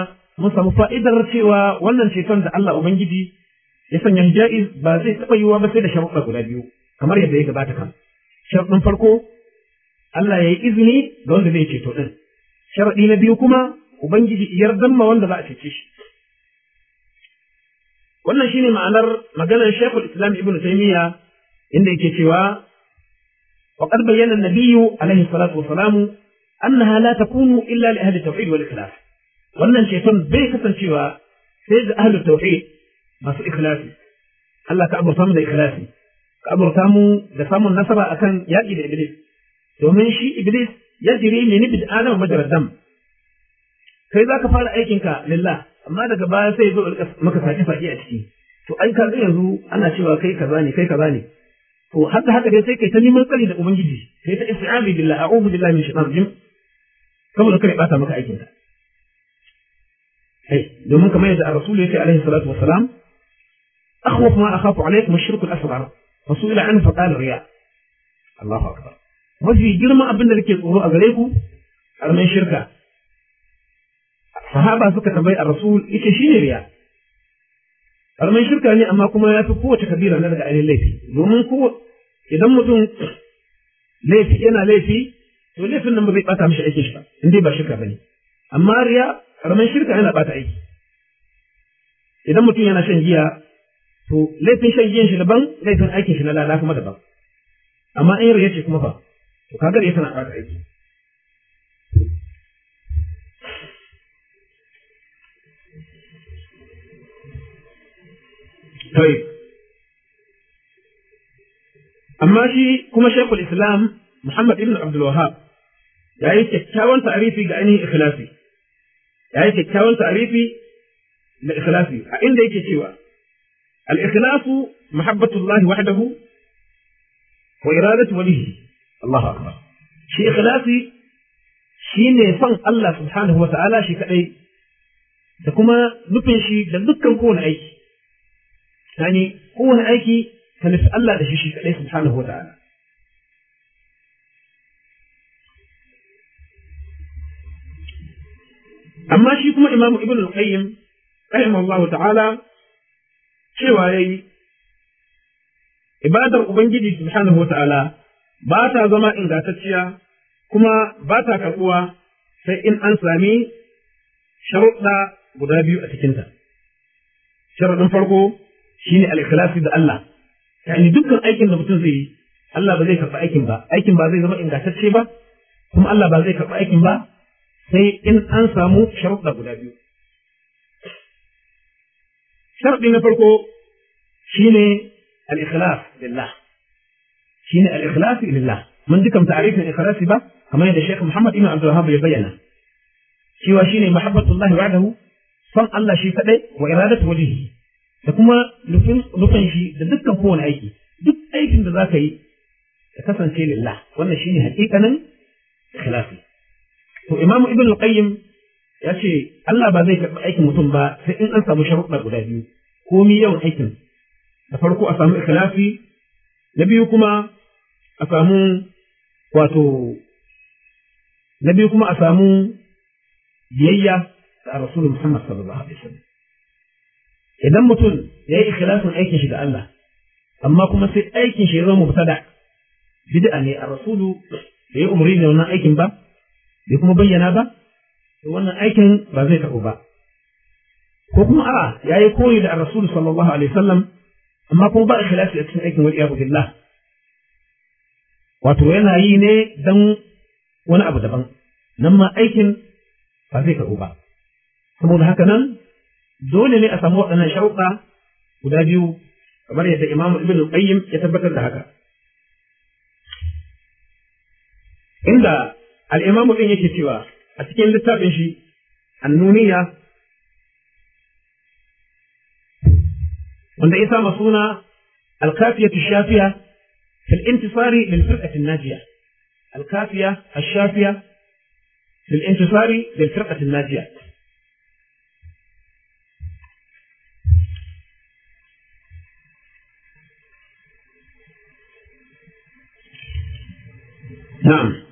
mun samu fa'idar cewa wannan ceton da Allah ubangiji ya sanya ja'iz ba zai taɓa yiwa ba sai da sharuɗa guda biyu kamar yadda ya gabata kan sharuɗin farko Allah ya yi izini ga wanda zai ceto ɗin. Sharaɗi na biyu kuma Ubangiji yardan ma wanda za a cece shi. Wannan shine ma'anar maganar Shekul Islam Ibn Taymiyyah inda yake cewa وقد بين النبي عليه الصلاة والسلام أنها illa تكون إلا لأهل التوحيد والإخلاص wannan ceton bai kasancewa sai da ahlul tauhid masu ikhlasi Allah ka aburta mu da ikhlasi ka aburta mu da samun nasara akan yaƙi da iblis domin shi iblis ya jiri ne ni adam majarar dam kai za ka fara aikinka lillah amma daga baya sai zo maka saki saki a ciki to ai ka yanzu ana cewa kai kaza ne kai kaza ne to da haka dai sai kai ta neman tsari da ubangiji kai ta isti'abi billah a'udhu billahi min shaitanir rajim saboda kare bata maka aikinka kai domin kamar yadda rasulullahi yake alaihi salatu wassalam akhwaf ma akhafu alaikum ash-shirku al-asghar فسئل عنه فقال رياء الله أكبر mafi girma abin da nake tsoro a gare ku karamin shirka sahaba suka tambayi a rasul ita shi ne riya karamin shirka ne amma kuma ya fi kowace kabila na daga ainihin laifi domin ko idan mutum laifi yana laifi to laifin nan ba zai ɓata mishi aikin shi ba in dai ba shirka ba ne amma riya karamin shirka yana ɓata aiki idan mutum yana shan giya to laifin shan giyan shi daban laifin aikin shi na lada kuma daban amma in riya ce kuma fa to kaga ne tana ɓata aiki طيب amma shi kuma shekul islam muhammad ibn abdul wahab ya yi kyakkyawan ta'arifi ga ainihin ikhlasi ya yi kyakkyawan ta'arifi da ikhlasi a inda yake cewa al-ikhlasu mahabbatullahi wahdahu wa iradatu walihi Allah akbar shi ikhlasi shine son Allah subhanahu wa wata'ala shi kadai da kuma nufin shi da dukkan kowane aiki yani kowane aiki ka nufi Allah da shi shi kadai subhanahu wata'ala amma shi kuma imamu ibn al-qayyim rahimahullahu ta'ala cewa yayi ibadar ubangiji subhanahu wa wata'ala ba ta zama ingantacciya kuma ba ta karɓuwa sai in an sami sharuɗa guda biyu a cikinta. Sharuɗin farko shi ne al'ikhlasi da Allah, yani dukkan aikin da mutum zai yi, Allah ba zai karɓi aikin ba, aikin ba zai zama ingantacce ba, kuma Allah ba zai karɓi aikin ba sai in an samu sharuɗa guda biyu. Sharuɗi na farko shi ne da Allah. shine al-ikhlas lillah mun dukan ta'arifin ikhlasi ba kamar yadda Sheikh Muhammad Ibn Abdul Wahhab ya bayyana cewa shine mahabbatullahi wa'dahu son Allah shi kadai wa iradatu wajhi da kuma nufin nufin shi da dukkan kowane aiki duk aikin da zaka yi ya kasance lillah wannan shine haƙiƙanin ikhlasi to Imam Ibn qayyim ya ce Allah ba zai karɓi aikin mutum ba sai in an samu sharuɗa guda biyu komi yawan aikin da farko a samu ikhlasi na biyu kuma a samu wato na biyu kuma a samu biyayya da rasulun musamman sallallahu alaihi wasallam idan mutum ya yi ikhlasin aikin shi ga Allah amma kuma sai aikin shi ya zama mubtada bid'a ne a rasulu bai umri da wannan aikin ba bai kuma bayyana ba to wannan aikin ba zai taɓo ba ko kuma a'a yayi koyi da rasul sallallahu alaihi wasallam amma kuma ba ikhlasi a cikin aikin wal iyadu billah wato yana yi ne don wani abu daban nan ma aikin ba zai karu ba saboda haka nan dole ne a samu waɗannan sharuɗa guda biyu kamar yadda imamu ibn qayyim ya tabbatar da haka inda al'imamu ɗin yake cewa a cikin littafin shi annuniya wanda ya sama suna alkafiyatu shafiya في الانتصار للفرقة الناجية الكافية الشافية في الانتصار للفرقة الناجية نعم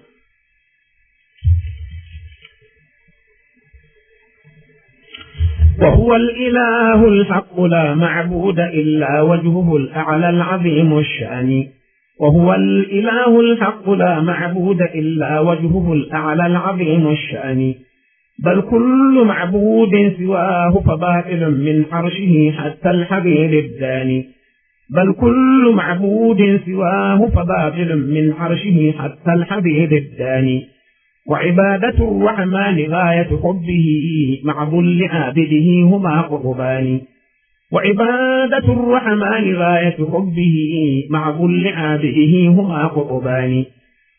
وهو الإله الحق لا معبود إلا وجهه الأعلى العظيم الشأن وهو الإله الحق لا معبود إلا وجهه الأعلى العظيم الشأن بل كل معبود سواه فباطل من عرشه حتى الحبيب الداني بل كل معبود سواه فباطل من عرشه حتى الحبيب الداني وعبادة الرحمن غاية حبه مع ذل عابده هما قربان وعبادة الرحمن غاية حبه مع كل عابده هما قطبان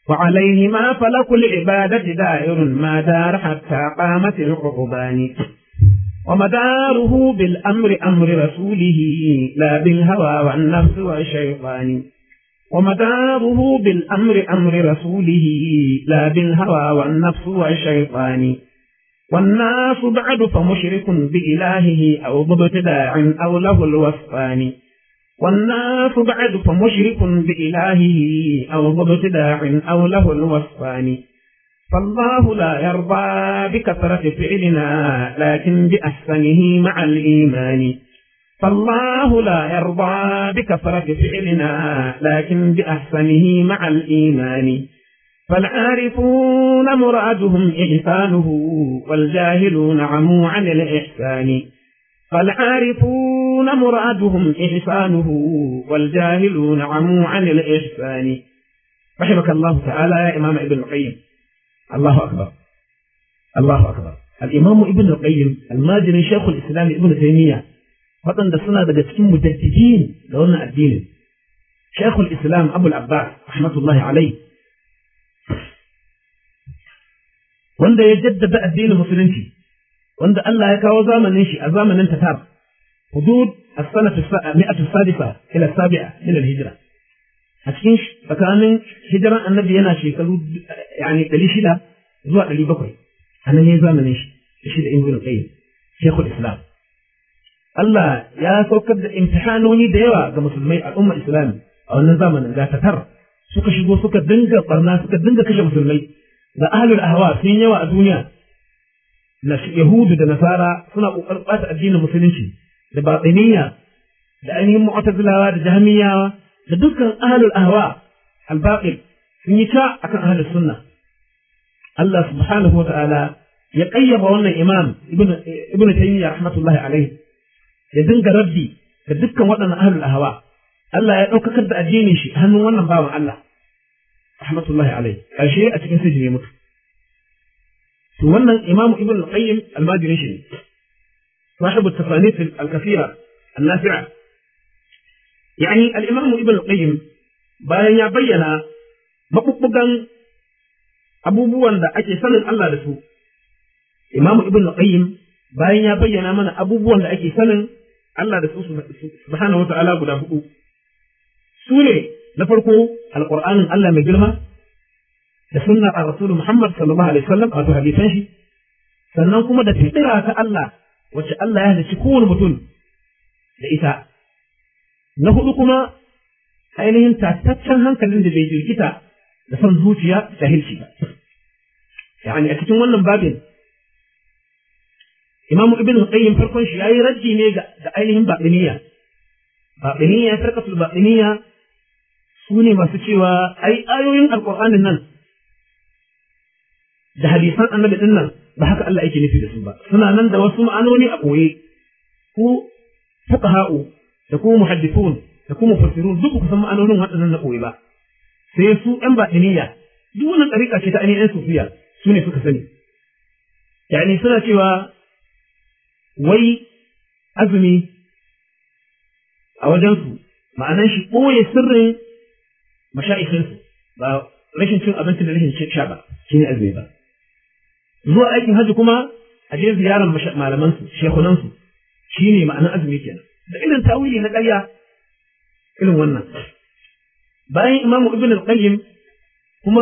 وعليهما فلك العبادة دائر ما دار حتى قامت القطبان ومداره بالأمر أمر رسوله لا بالهوى والنفس والشيطان ومداره بالأمر أمر رسوله لا بالهوى والنفس والشيطان والناس بعد فمشرك بإلهه أو مبتداع أو له الوصفان والناس بعد فمشرك بإلهه أو مبتداع أو له الوصفان فالله لا يرضى بكثرة فعلنا لكن بأحسنه مع الإيمان فالله لا يرضى بكثرة فعلنا لكن بأحسنه مع الإيمان فالعارفون مرادهم إحسانه والجاهلون عموا عن الإحسان فالعارفون مرادهم إحسانه والجاهلون عموا عن الإحسان رحمك الله تعالى يا إمام ابن القيم الله أكبر الله أكبر الإمام ابن القيم الماجري شيخ الإسلام ابن تيمية فقد صنع daga مجددين دون الدين شيخ الإسلام أبو العباس رحمة الله عليه wanda ya jaddada addinin musulunci wanda Allah ya kawo zamanin shi a zamanin tatar hudud as-sanah mi'atu sadifa ila sabi'a min al-hijra a cikin tsakanin hijiran annabi yana shekaru yani shida zuwa bakwai, a nan ya zamanin shi shi da ibn qayyim shaykhul islam Allah ya saukar da imtihanoni da yawa ga musulmai a ummar islami a wannan zamanin ga tatar suka shigo suka dinga barna suka dinga kashe musulmai da ahlul ahwa sun yawa a duniya yahudu da nasara suna kokarin bata addinin musulunci da batiniya da ainihin mu'tazilawa da jahmiyawa da dukkan ahlul ahwa al-baqil sun yi ta akan ahlus sunna Allah subhanahu wata'ala ya kayyaba wannan imam ibnu ibnu taymiyyah rahmatullahi alaihi ya dinga raddi da dukkan waɗannan ahlul ahwa Allah ya ɗaukakar da addinin shi hannun wannan bawan Allah rahmatullahi alai karshe a cikin sijin ya mutu to wannan imamu ibn al-qayyim al-madini shi sahibu tasanif al-kathira an-nafi'a yani al-imamu ibn al-qayyim bayan ya bayyana mabubbugan abubuwan da ake sanin Allah da su imamu ibn al-qayyim bayan ya bayyana mana abubuwan da ake sanin Allah da su subhanahu wa ta'ala guda hudu su ne na farko alƙur'anin Allah mai girma da sunna a rasulu Muhammad sallallahu alaihi wasallam wato hadisan shi sannan kuma da fitira ta Allah wacce Allah ya halicci kowane mutum da ita na hudu kuma ainihin tataccen hankalin da bai jirgita da son zuciya da ba yani a cikin wannan babin imamu ibn qayyim farkon shi yayi raddi ne ga ainihin batiniya batiniya sarkatul batiniya su ne masu cewa ai ayoyin alƙur'anin nan da hadisan annabi din nan ba haka Allah yake nufi da su ba suna nan da wasu ma'anoni a koye ko fuqaha'u da kuma muhaddithun da kuma mufassirun duk ku san ma'anonin waɗannan na koye ba sai su ɗan batiniya duk wannan ɗariƙa ce ta ainihin sufiya su ne suka sani yani suna cewa wai azumi a wajensu ma'anan shi ɓoye sirrin mashayikin ba rashin cin abinci da rashin sha ba ne azumi ba zuwa aikin hajji kuma a je ziyarar malaman su shekunan su ma'anar azumi kenan da irin tawili na ƙarya irin wannan bayan imamu ibn al-qayyim kuma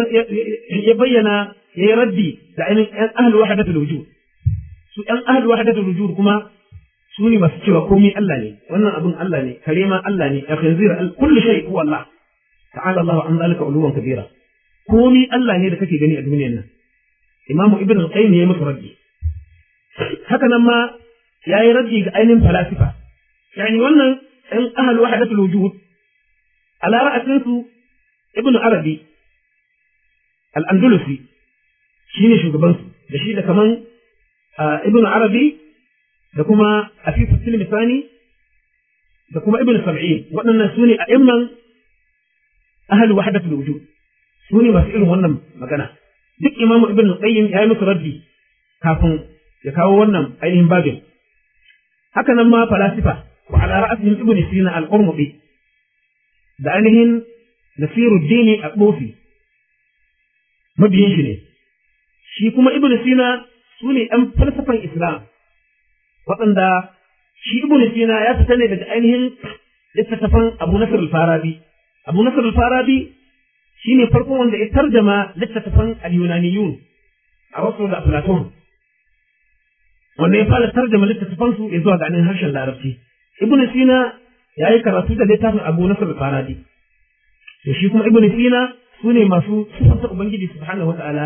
ya bayyana ya yi raddi da ainihin ‘yan ahalu wa da wujud su ‘yan ahalu wa da wujud kuma su ne masu cewa komai Allah ne wannan abin Allah ne kare ma Allah ne ya kanzira kullu shay ko Allah ta'ala Allah an zalika uluwan kabira komi Allah ne da kake gani a duniyar nan Imam Ibn al ya masa raddi haka nan ma yayi raddi ga ainihin falasifa yani wannan ɗan ahal wahdatul wujud ala ra'atin su Ibn Arabi al-Andalusi shine shugaban da shi da kaman Ibn Arabi da kuma Afif Silmisani da kuma Ibn Sab'in waɗannan su a imman ahlu wahdatul wujud su ne masu irin wannan magana duk imamu ibn qayyim ya yi kafin ya kawo wannan ainihin babin haka nan ma falasifa wa ala ra'sihim ibn sina al-urmubi da ainihin nasiruddin al-bufi mabiyin shi ne shi kuma ibn sina su ne ɗan falsafan islam waɗanda shi ibn sina ya fita ne daga ainihin litattafan abu nasir al-farabi abu nasar al-farabi shine farkon wanda ya tarjama littattafan al-yunaniyun a wasu da platon wanda ya fara tarjama littattafan su ya zuwa ganin harshen larabci ibn sina ya yi karatu da littafin abu nasar al-farabi to shi kuma ibn sina su ne masu sifanta ubangiji subhanahu wata'ala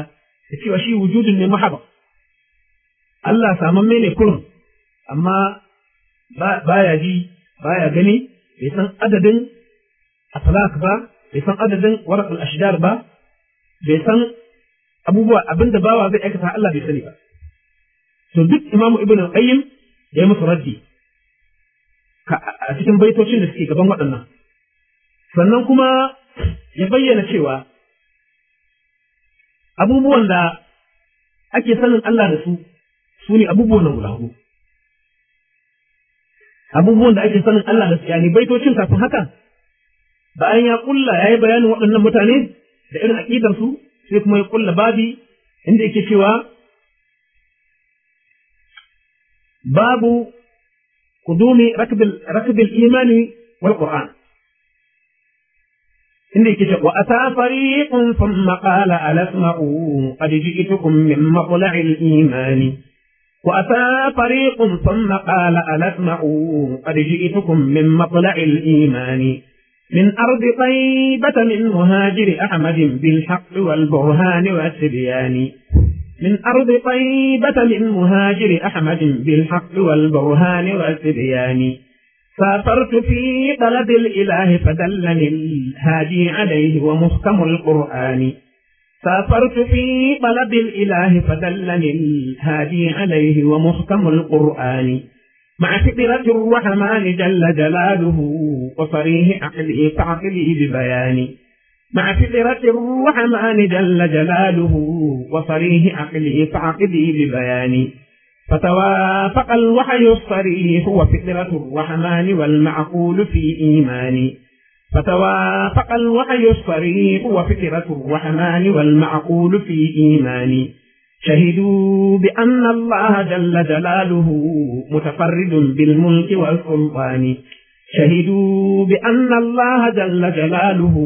da cewa shi wujudin ne mahaba Allah mai ne kurum amma baya ji baya gani bai san adadin atlaq ba bai san adadin warqul ashjar ba bai san abubuwa abinda bawa zai aikata Allah bai sani ba to duk imamu ibnu qayyim ya yi musu raddi a cikin baitocin da suke gaban waɗannan sannan kuma ya bayyana cewa abubuwan da ake sanin Allah da su su ne abubuwan nan guda abubuwan da ake sanin Allah da su yani baitocin kafin haka bayan ya kulla ya yi bayanin waɗannan mutane da irin aƙidarsu sai kuma ya kulla babi inda yake cewa babu kudumi rakbil imani wal qur'an inda yake cewa ata fariqun thumma qala alasma'u qad ji'tukum min maqla'il imani وأتى فريق ثم قال ألسمعوا قد جئتكم من مطلع الإيمان من أرض طيبة من مهاجر أحمد بالحق والبرهان والسبيان من أرض طيبة من مهاجر أحمد بالحق والبرهان والسبيان سافرت في طلب الإله فدلني الهادي عليه ومحكم القرآن سافرت في طلب الإله فدلني الهادي عليه ومحكم القرآن مع فكرة الرحمن جل جلاله وصريح عقلي كعقلي ببيان مع فكرة الرحمن جل جلاله وصريح عقل كعقلي ببيان فتوافق الوحي الصريح وفكرة الرحمن والمعقول في إيماني فتوافق الوحي الصريح وفكرة الرحمن والمعقول في إيماني شهدوا بأن الله جل جلاله متفرد بالملك والسلطان شهدوا بأن الله جل جلاله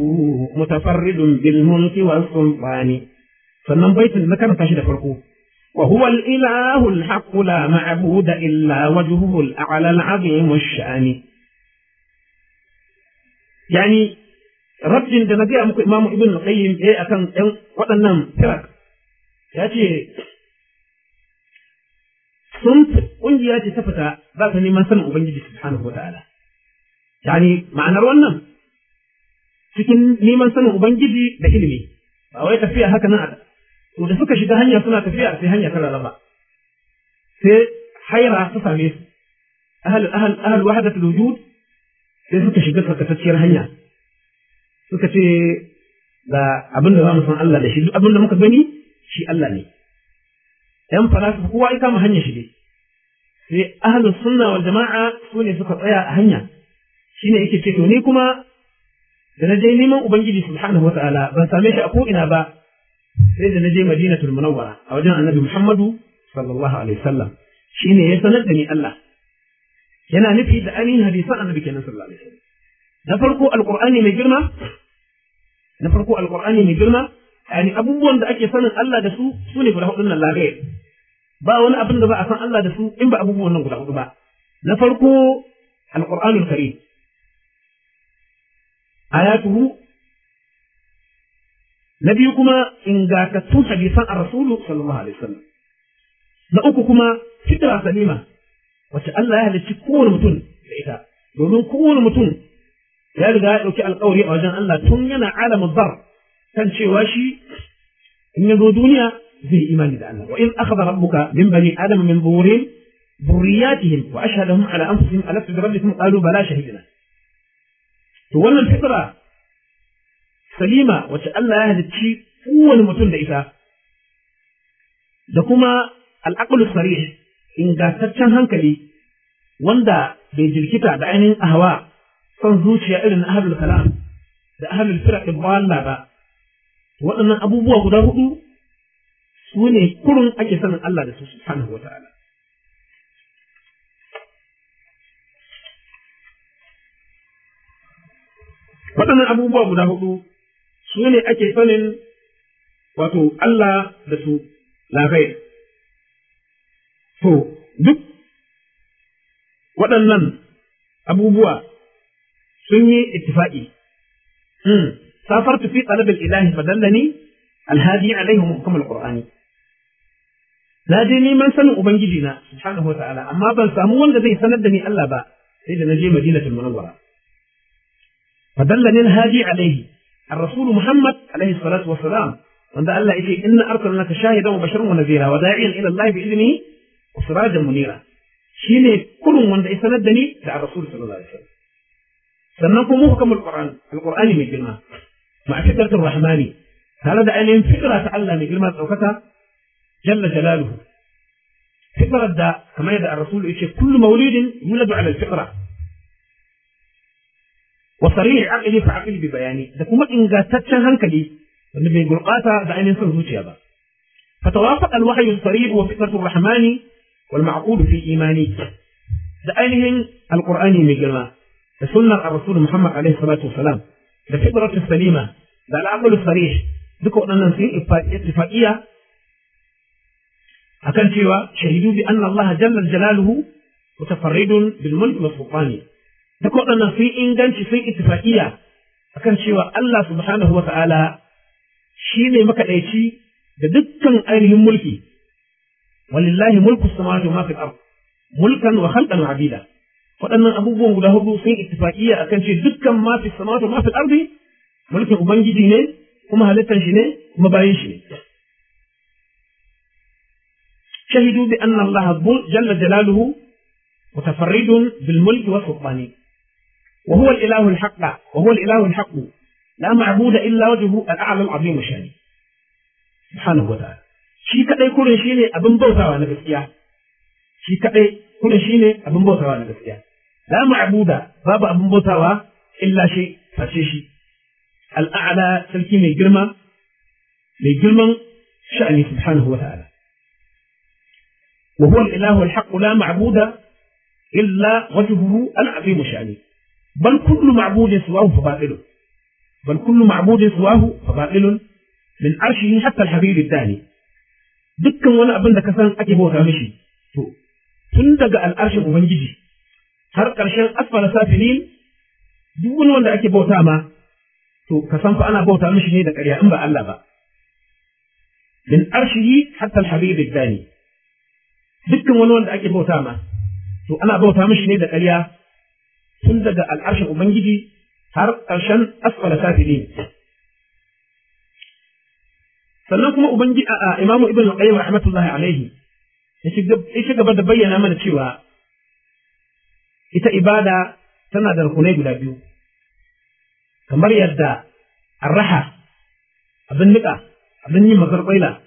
متفرد بالملك والسلطان فنم بيت المكان تشهد فرقه وهو الإله الحق لا معبود إلا وجهه الأعلى العظيم الشان يعني رب جندنا دي أمك إمام ابن القيم إيه أتن وأنم كلاك ya ce sun ƙungiya ce ta fita za ta neman sanin Ubangiji subhanahu wa ta'ala. Yani ma'anar wannan cikin neman sanin Ubangiji da ilimi ba wai tafiya haka nan a to da suka shiga hanya suna tafiya sai hanya ta rarraba sai haira ta same su ahal ahal ahal wahdatul wujud sai suka shiga karkatacciyar hanya suka ce ga abin da za mu san Allah da shi duk abin da muka gani shi Allah ne ‘yan falasifa kowa ya kama hanyar shi ne sai ahlu sunna wal jama'a su ne suka tsaya a hanya shine yake ce to ni kuma da na je neman ubangiji subhanahu wataala ban same shi a koina ba sai da na je madina munawwara a wajen annabi muhammadu sallallahu alaihi wasallam ne ya sanar da ni Allah yana nufi da ainihin hadisan annabi kenan sallallahu alaihi wasallam na farko alqur'ani mai girma na farko mai girma yani abubuwan da ake sanin Allah da su su ne guda hudun nan lagaye ba wani abin da za a san Allah da su in ba abubuwan nan guda hudu ba na farko alqur'anul karim ayatuhu na biyu kuma ingantattun hadisan a rasulu sallallahu alaihi wasallam na uku kuma fitra salima wacce Allah ya halicci kowane mutum da ita domin kowane mutum ya riga ya ɗauki alƙawari a wajen Allah tun yana alamin bar واشي إن الدنيا به إيمان الله وإذ أخذ ربك من بني آدم من ظهورهم ذرياتهم وأشهدهم على أنفسهم ألست بربكم قالوا بلا شهدنا تولى الفطرة سليمة وتالى هذا الشيء هو المتون لإساء دكما العقل الصريح إن قاتتشان هنكلي وندا الكتاب بعين أهواء son zuciya irin أهل الكلام kalam الفرق ahlul firaq waɗannan abubuwa guda hudu su ne kurun ake sanin Allah da su subhanahu ala. waɗannan abubuwa guda hudu su ne ake sanin wato Allah da su lafiyar to duk waɗannan abubuwa sun yi ittifaƙi hmm. سافرت في طلب الإله فدلني الهادي عليه محكم القرآن لا ديني من sanin أبنجينا سبحانه وتعالى أما بل سأمون الذي سندني ألا باء سيد نجي مدينة المنورة فدلني الهادي عليه الرسول محمد عليه الصلاة والسلام وأن الله يقول إن أرسلناك شاهدا وبشرا ونذيرا وداعيا إلى الله بإذنه وسراجا منيرا شيني كل من سندني دع الرسول صلى الله عليه وسلم سنكم محكم القرآن القرآن من جنة مع فكرة الرحمن هذا أن فكرة تعلم كلمة أوكتا جل جلاله فكرة دا كما يدعى الرسول إيش كل مولود يولد على الفكرة وصريح عقلي فعقلي ببياني إذا كنت إن قاتت شهن كلي النبي يقول قاتا دا أن ينصر هذا فتوافق الوحي الصريح وفكرة الرحمن والمعقول في إيماني دا أنهن القرآن من السنة الرسول محمد عليه الصلاة والسلام da fitratu salima da al'aqlu sarih duka waɗannan sun ittifaqiya akan cewa shahidu bi anna Allah jalla jalaluhu mutafarridun bil mulk wa sultani duka waɗannan sun inganci sun ittifaqiya akan cewa Allah subhanahu wa ta'ala shi ne makaɗaici da dukkan ainihin mulki walillahi mulku samawati ma fil ard mulkan wa khalqan wa abida waɗannan abubuwan guda hudu sun ittifaqiya akan ce dukkan ma fi samawati ma fi ardi mulkin ubangiji ne kuma halittar shi ne kuma bayan shi ne shahidu bi anna allaha jalla jalaluhu mutafarridun bil mulki wa sultani wa huwa al ilahu al haqq wa huwa al ilahu al haqq la ma'budu illa wajhu al a'la al azim shani subhanahu wa ta'ala shi kadai kurin shine abin bautawa na gaskiya shi kadai kuma shine abin bautawa da gaskiya la ma'buda babu abin bautawa illa shi face shi al'a'la sarki mai girma mai girman sha'ani subhanahu wa ta'ala wa huwa al-ilahu al-haqq la ma'buda illa wajhuhu al-azim sha'ani bal kullu ma'budin siwahu fa batilun بل كل معبود سواه فباطل من عرشه حتى الحبيب الثاني dukkan wani abin da ka san ake bauta mishi to tun daga al'arshin ubangiji har ƙarshen asfala safilin duk wani wanda ake bauta ma to ka san fa ana bauta mishi ne da ƙarya in ba Allah ba min arshihi hatta al-habib dani dukkan wani wanda ake bauta ma to ana bauta mishi ne da ƙarya tun daga al'arshin ubangiji har ƙarshen asfala safilin sannan kuma ubangiji a Imam ibn qayyim rahmatullahi alaihi ya ci gaba da bayyana mana cewa ita ibada tana da rukunai guda biyu kamar yadda arraha abin niƙa abin yin ƙwaila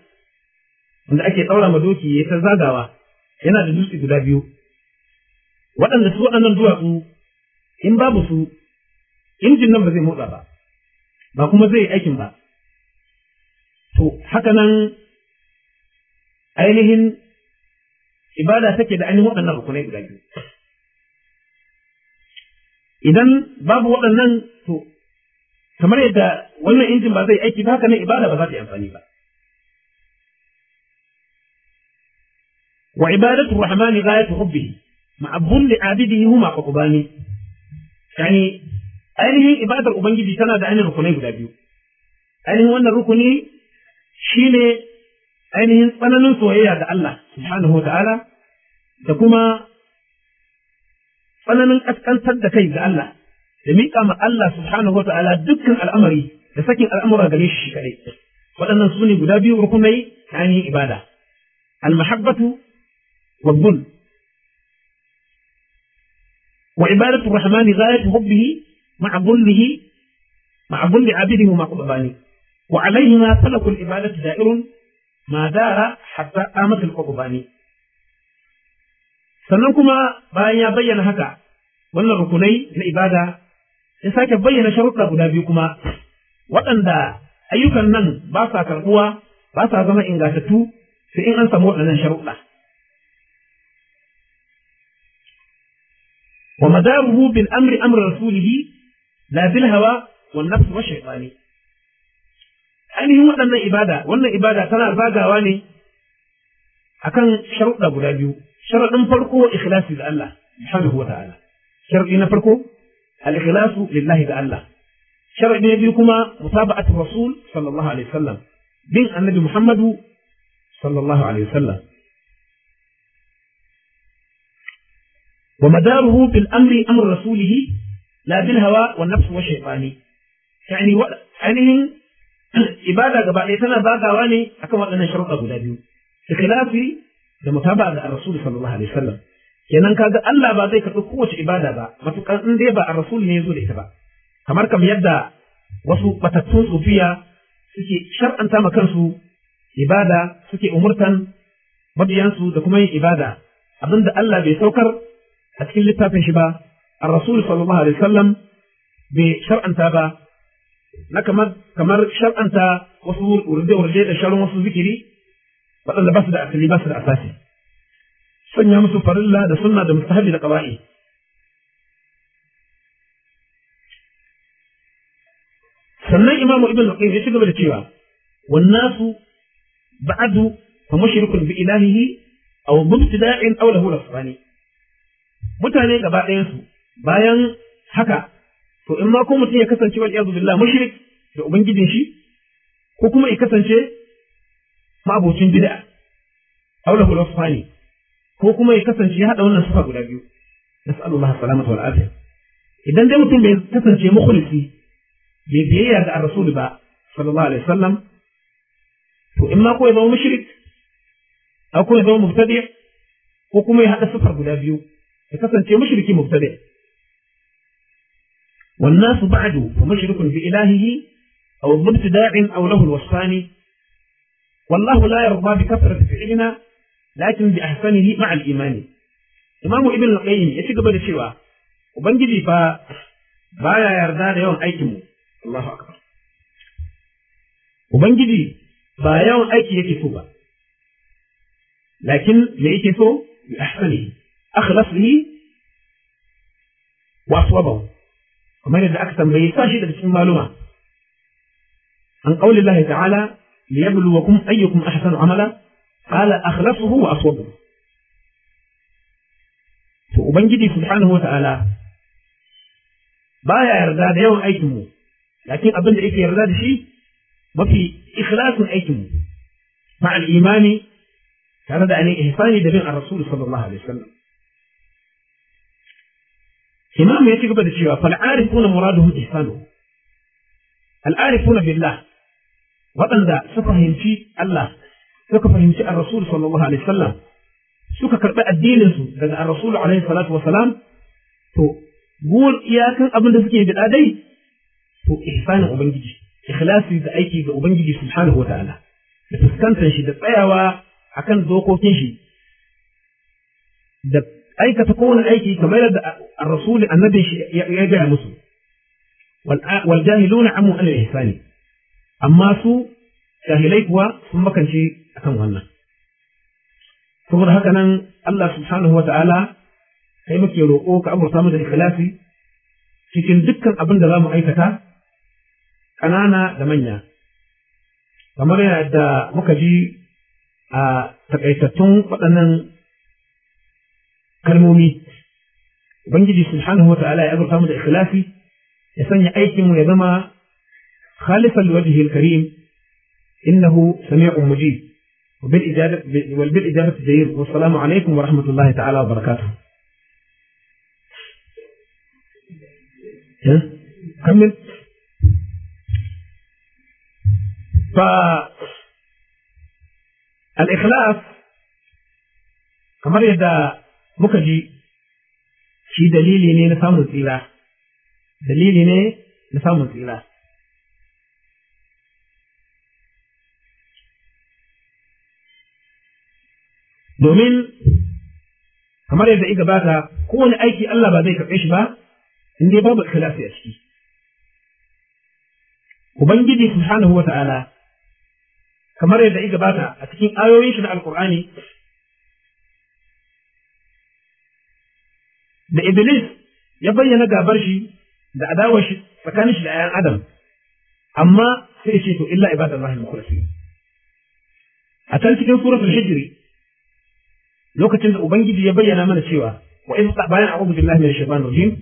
wanda ake tsaura ma doki ya ta zagawa yana da dutse guda biyu waɗanda su waɗannan duwatsu in babu su injin nan ba zai motsa ba ba kuma zai yi aikin ba to haka nan ainihin ibada take da ainihin waɗannan rukunai guda biyu idan babu waɗannan to kamar yadda wannan injin ba zai aiki ba haka nan ibada ba za ta yi amfani ba wa ibadatu rahmani ma abun da abidi yi huma ne, yani ainihin ibadar ubangiji tana da ainihin rukunai guda biyu ainihin wannan rukuni shine ainihin tsananin soyayya da Allah subhanahu ta'ala da kuma tsananin kaskantar da kai ga Allah da miƙa ma Allah subhanahu ta'ala dukkan al'amari da sakin al'amura gare shi kaɗai waɗannan su ne guda biyu rukunai na ainihin ibada al-mahabbatu wa dhul wa ibadatu rahmani ghayatu hubbihi ma'a dhullihi ma'a dhulli abidihi wa ma'a qurbani wa alayhima salakul ibadatu ma dara hatta amatul ne. sannan kuma bayan ya bayyana haka wannan rukunai na ibada ya sake bayyana sharuɗa guda biyu kuma waɗanda ayyukan nan ba sa karɓuwa ba sa zama ingantattu sai in an samu waɗannan sharuɗa wa madaruhu bil amri amri rasulihi la bil hawa wan nafs wa shaytani ainihin waɗannan ibada wannan ibada tana zagawa ne akan sharuɗa guda biyu sharaɗin farko ikhlasi da Allah subhanahu wata'ala sharaɗi na farko al-ikhlasu lillahi da Allah sharaɗi na biyu kuma mutaba'atu rasul sallallahu alaihi wasallam bin annabi Muhammadu sallallahu alaihi wasallam ومداره بالأمر أمر رسوله لا بالهوى والنفس والشيطان يعني يعني ibada gaba ɗaya tana bagawa ne akan waɗannan sharuɗa guda biyu ikhlasi da mutaba ga ar-rasul sallallahu alaihi wasallam kenan kaga Allah ba zai karɓi kowace ibada ba matukan in dai ba ar-rasul ne yazo da ita ba kamar kam yadda wasu batattun sufiya suke shar'anta ma kansu ibada suke umurtan mabiyansu da kuma yin ibada abinda Allah bai saukar a cikin littafin shi ba ar-rasul sallallahu alaihi wasallam bai shar'anta ba na kamar kamar shar'anta wasu urde-urde da sharon wasu zikiri waɗanda ba su da asali ba su da asasi sanya musu farilla da sunna da mustahabi da qawa'i sannan imamu ibn al-qayyim ya ci gaba da cewa wannasu ba'adu fa mushrikun bi ilahihi aw mubtada'in aw lahu nafsani mutane gaba ɗayan su bayan haka to in ma ko mutum ya kasance wal yazu billah mushrik da ubangijin shi ko kuma ya kasance mabucin bid'a aula hul ko kuma ya kasance ya hada wannan sifa guda biyu nas'alullah salamata wal afiya idan dai mutum bai kasance mukhlisi bai biyayya ga ar-rasul ba sallallahu alaihi wasallam to in ma ko ya zama mushrik ko ya zama mubtadi ko kuma ya hada sifar guda biyu ya kasance mushriki mubtadi والناس بعدوا فمشرك بإلهه أو الضبط داع أو له الوصفاني والله لا يرضى بكثرة فعلنا لكن بأحسنه مع الإيمان إمام ابن القيم يتقبل الشواء وبنجدي ف بايا يرضى يوم أيكم الله أكبر وبنجدي بايا يوم أيكي يكفو لكن ليكفو بأحسنه أخلص لي وأصوبه ومرد أكثر من يتاشد بسم بالوها عن قول الله تعالى ليبلوكم أيكم أحسن عملا قال أخلصه وأصوبه فأبنجدي سبحانه وتعالى بايا يرداد يوم أيتمو لكن أبن إيك يرداد شيء وفي إخلاص أيتمو مع الإيمان كان دعني إحسان دبين الرسول صلى الله عليه وسلم imam ya ci gaba da cewa fal arifuna muraduhum ihsanu al arifuna billah waɗanda suka fahimci Allah suka fahimci ar-rasul sallallahu alaihi wasallam suka karɓi addinin su daga ar-rasul alaihi salatu wasalam to guwar iyakan abin da suke bida dai to ihsanin ubangiji ikhlasi da aiki ga ubangiji subhanahu wataala da fuskantar shi da tsayawa akan dokokin shi da aikata kowane aiki kamar yadda rasuli annabin shi ya gaya musu wal jahiluna amu an ihsani amma su jahilai kuwa sun makance akan wannan saboda haka nan Allah subhanahu wa ta'ala kai muke roƙo ka amurta mu da ikhlasi cikin dukkan abin da za mu aikata ƙanana da manya kamar yadda muka ji a takaitattun waɗannan kalmomi ubangiji سبحانه وتعالى ya azurta mu da ikhlasi ya sanya aikinmu ya zama خالصا لوجهه الكريم انه سميع مجيب وبالاجابه وبالاجابه جيد والسلام عليكم ورحمه الله تعالى وبركاته. إيه؟ كمل ف الاخلاص كما يدى muka ji shi dalili ne na samun tsira dalili ne na samun tsira domin kamar yadda in gabata kowane aiki Allah ba zai karɓe shi ba in dai babu ikhlasi a ciki ubangiji subhanahu wa ta'ala kamar yadda in gabata a cikin ayoyin shi na alkur'ani da Iblis ya bayyana gabar shi da adawar shi tsakanin shi da ‘ya'yan Adam, amma sai ce to illa ibadan rahim kursi. A can cikin suratul hijri lokacin da Ubangiji ya bayyana mana cewa wa iz bayan a'udhu billahi minash shaitanir rajim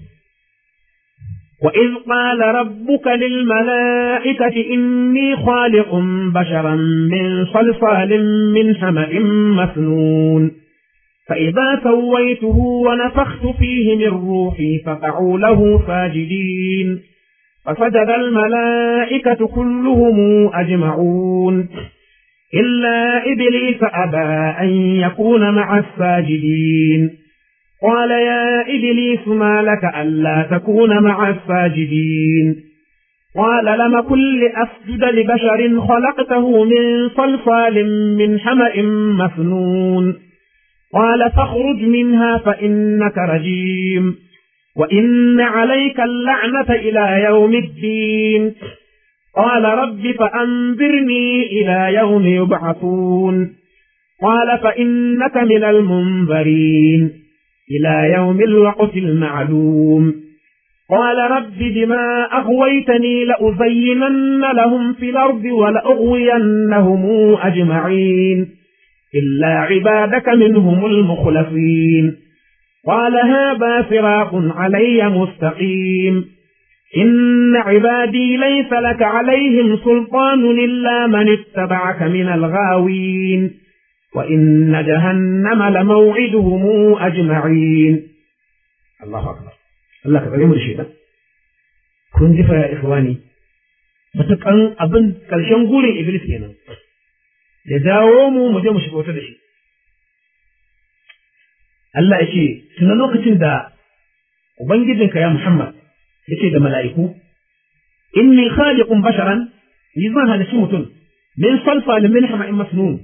وإذ قال ربك للملائكة إني خالق بشرا من صلصال من حمأ مسنون فإذا سويته ونفخت فيه من روحي فقعوا له ساجدين فسجد الملائكة كلهم أجمعون إلا إبليس أبى أن يكون مع الساجدين قال يا إبليس ما لك ألا تكون مع الساجدين قال لم كل لأسجد لبشر خلقته من صلصال من حمأ مسنون قال فاخرج منها فإنك رجيم وإن عليك اللعنة إلى يوم الدين قال رب فأنذرني إلى يوم يبعثون قال فإنك من المنذرين إلى يوم الوقت المعلوم قال رب بما أغويتني لأزينن لهم في الأرض ولأغوينهم أجمعين إلا عبادك منهم المخلصين قال هذا صراط علي مستقيم إن عبادي ليس لك عليهم سلطان إلا من اتبعك من الغاوين وإن جهنم لموعدهم أجمعين الله أكبر الله كريم رشيدا كن جفا يا إخواني matukan أبن ƙarshen إبليس Iblis ya dawo mu mu je mu shiga wata da shi Allah ya ce tunan lokacin da ubangijinka ya Muhammad ya ce da mala'iku In inni khaliqun basharan ni zan halici mutum min salsalin min hama'in masnun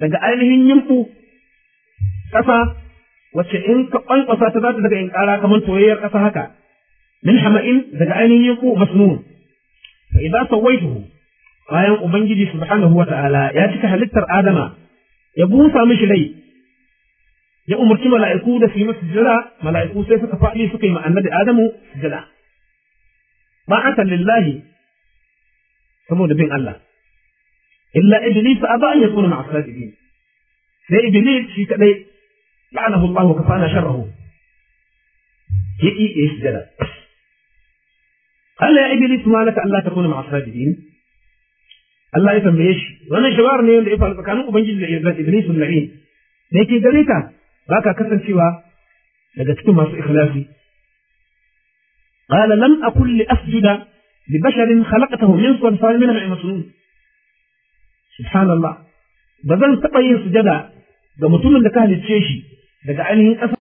daga ainihin yimbu ƙasa wacce in ka kwankwasa ta za ta daga in ƙara kamar toyayyar kasa haka min hama'in daga ainihin yimbu masnun fa idza sawaituhu bayan ubangiji subhanahu wa ta'ala ya cika halittar adama ya busa mishi rai ya umarci mala'iku da su yi masa sujada mala'iku sai suka faɗi suka yi ma'anar da adamu Ba aka lillahi saboda bin Allah illa iblis aba an yakuna ma'a sajidin sai iblis shi kadai la'anahu Allah ka fana sharrahu yaki ya sujada قال يا ابليس ما Allah ta تكون مع الساجدين Allah ya tambaye shi wannan shawarar ne wanda ya faru tsakanin ubangiji da Iblis da La'in da yake gare ka ka kasancewa daga cikin masu ikhlasi lam لم li asjuda li basharin من min من min al الله ba zan taɓa yin sujada ga mutumin da ka halicce shi daga ainihin ƙasa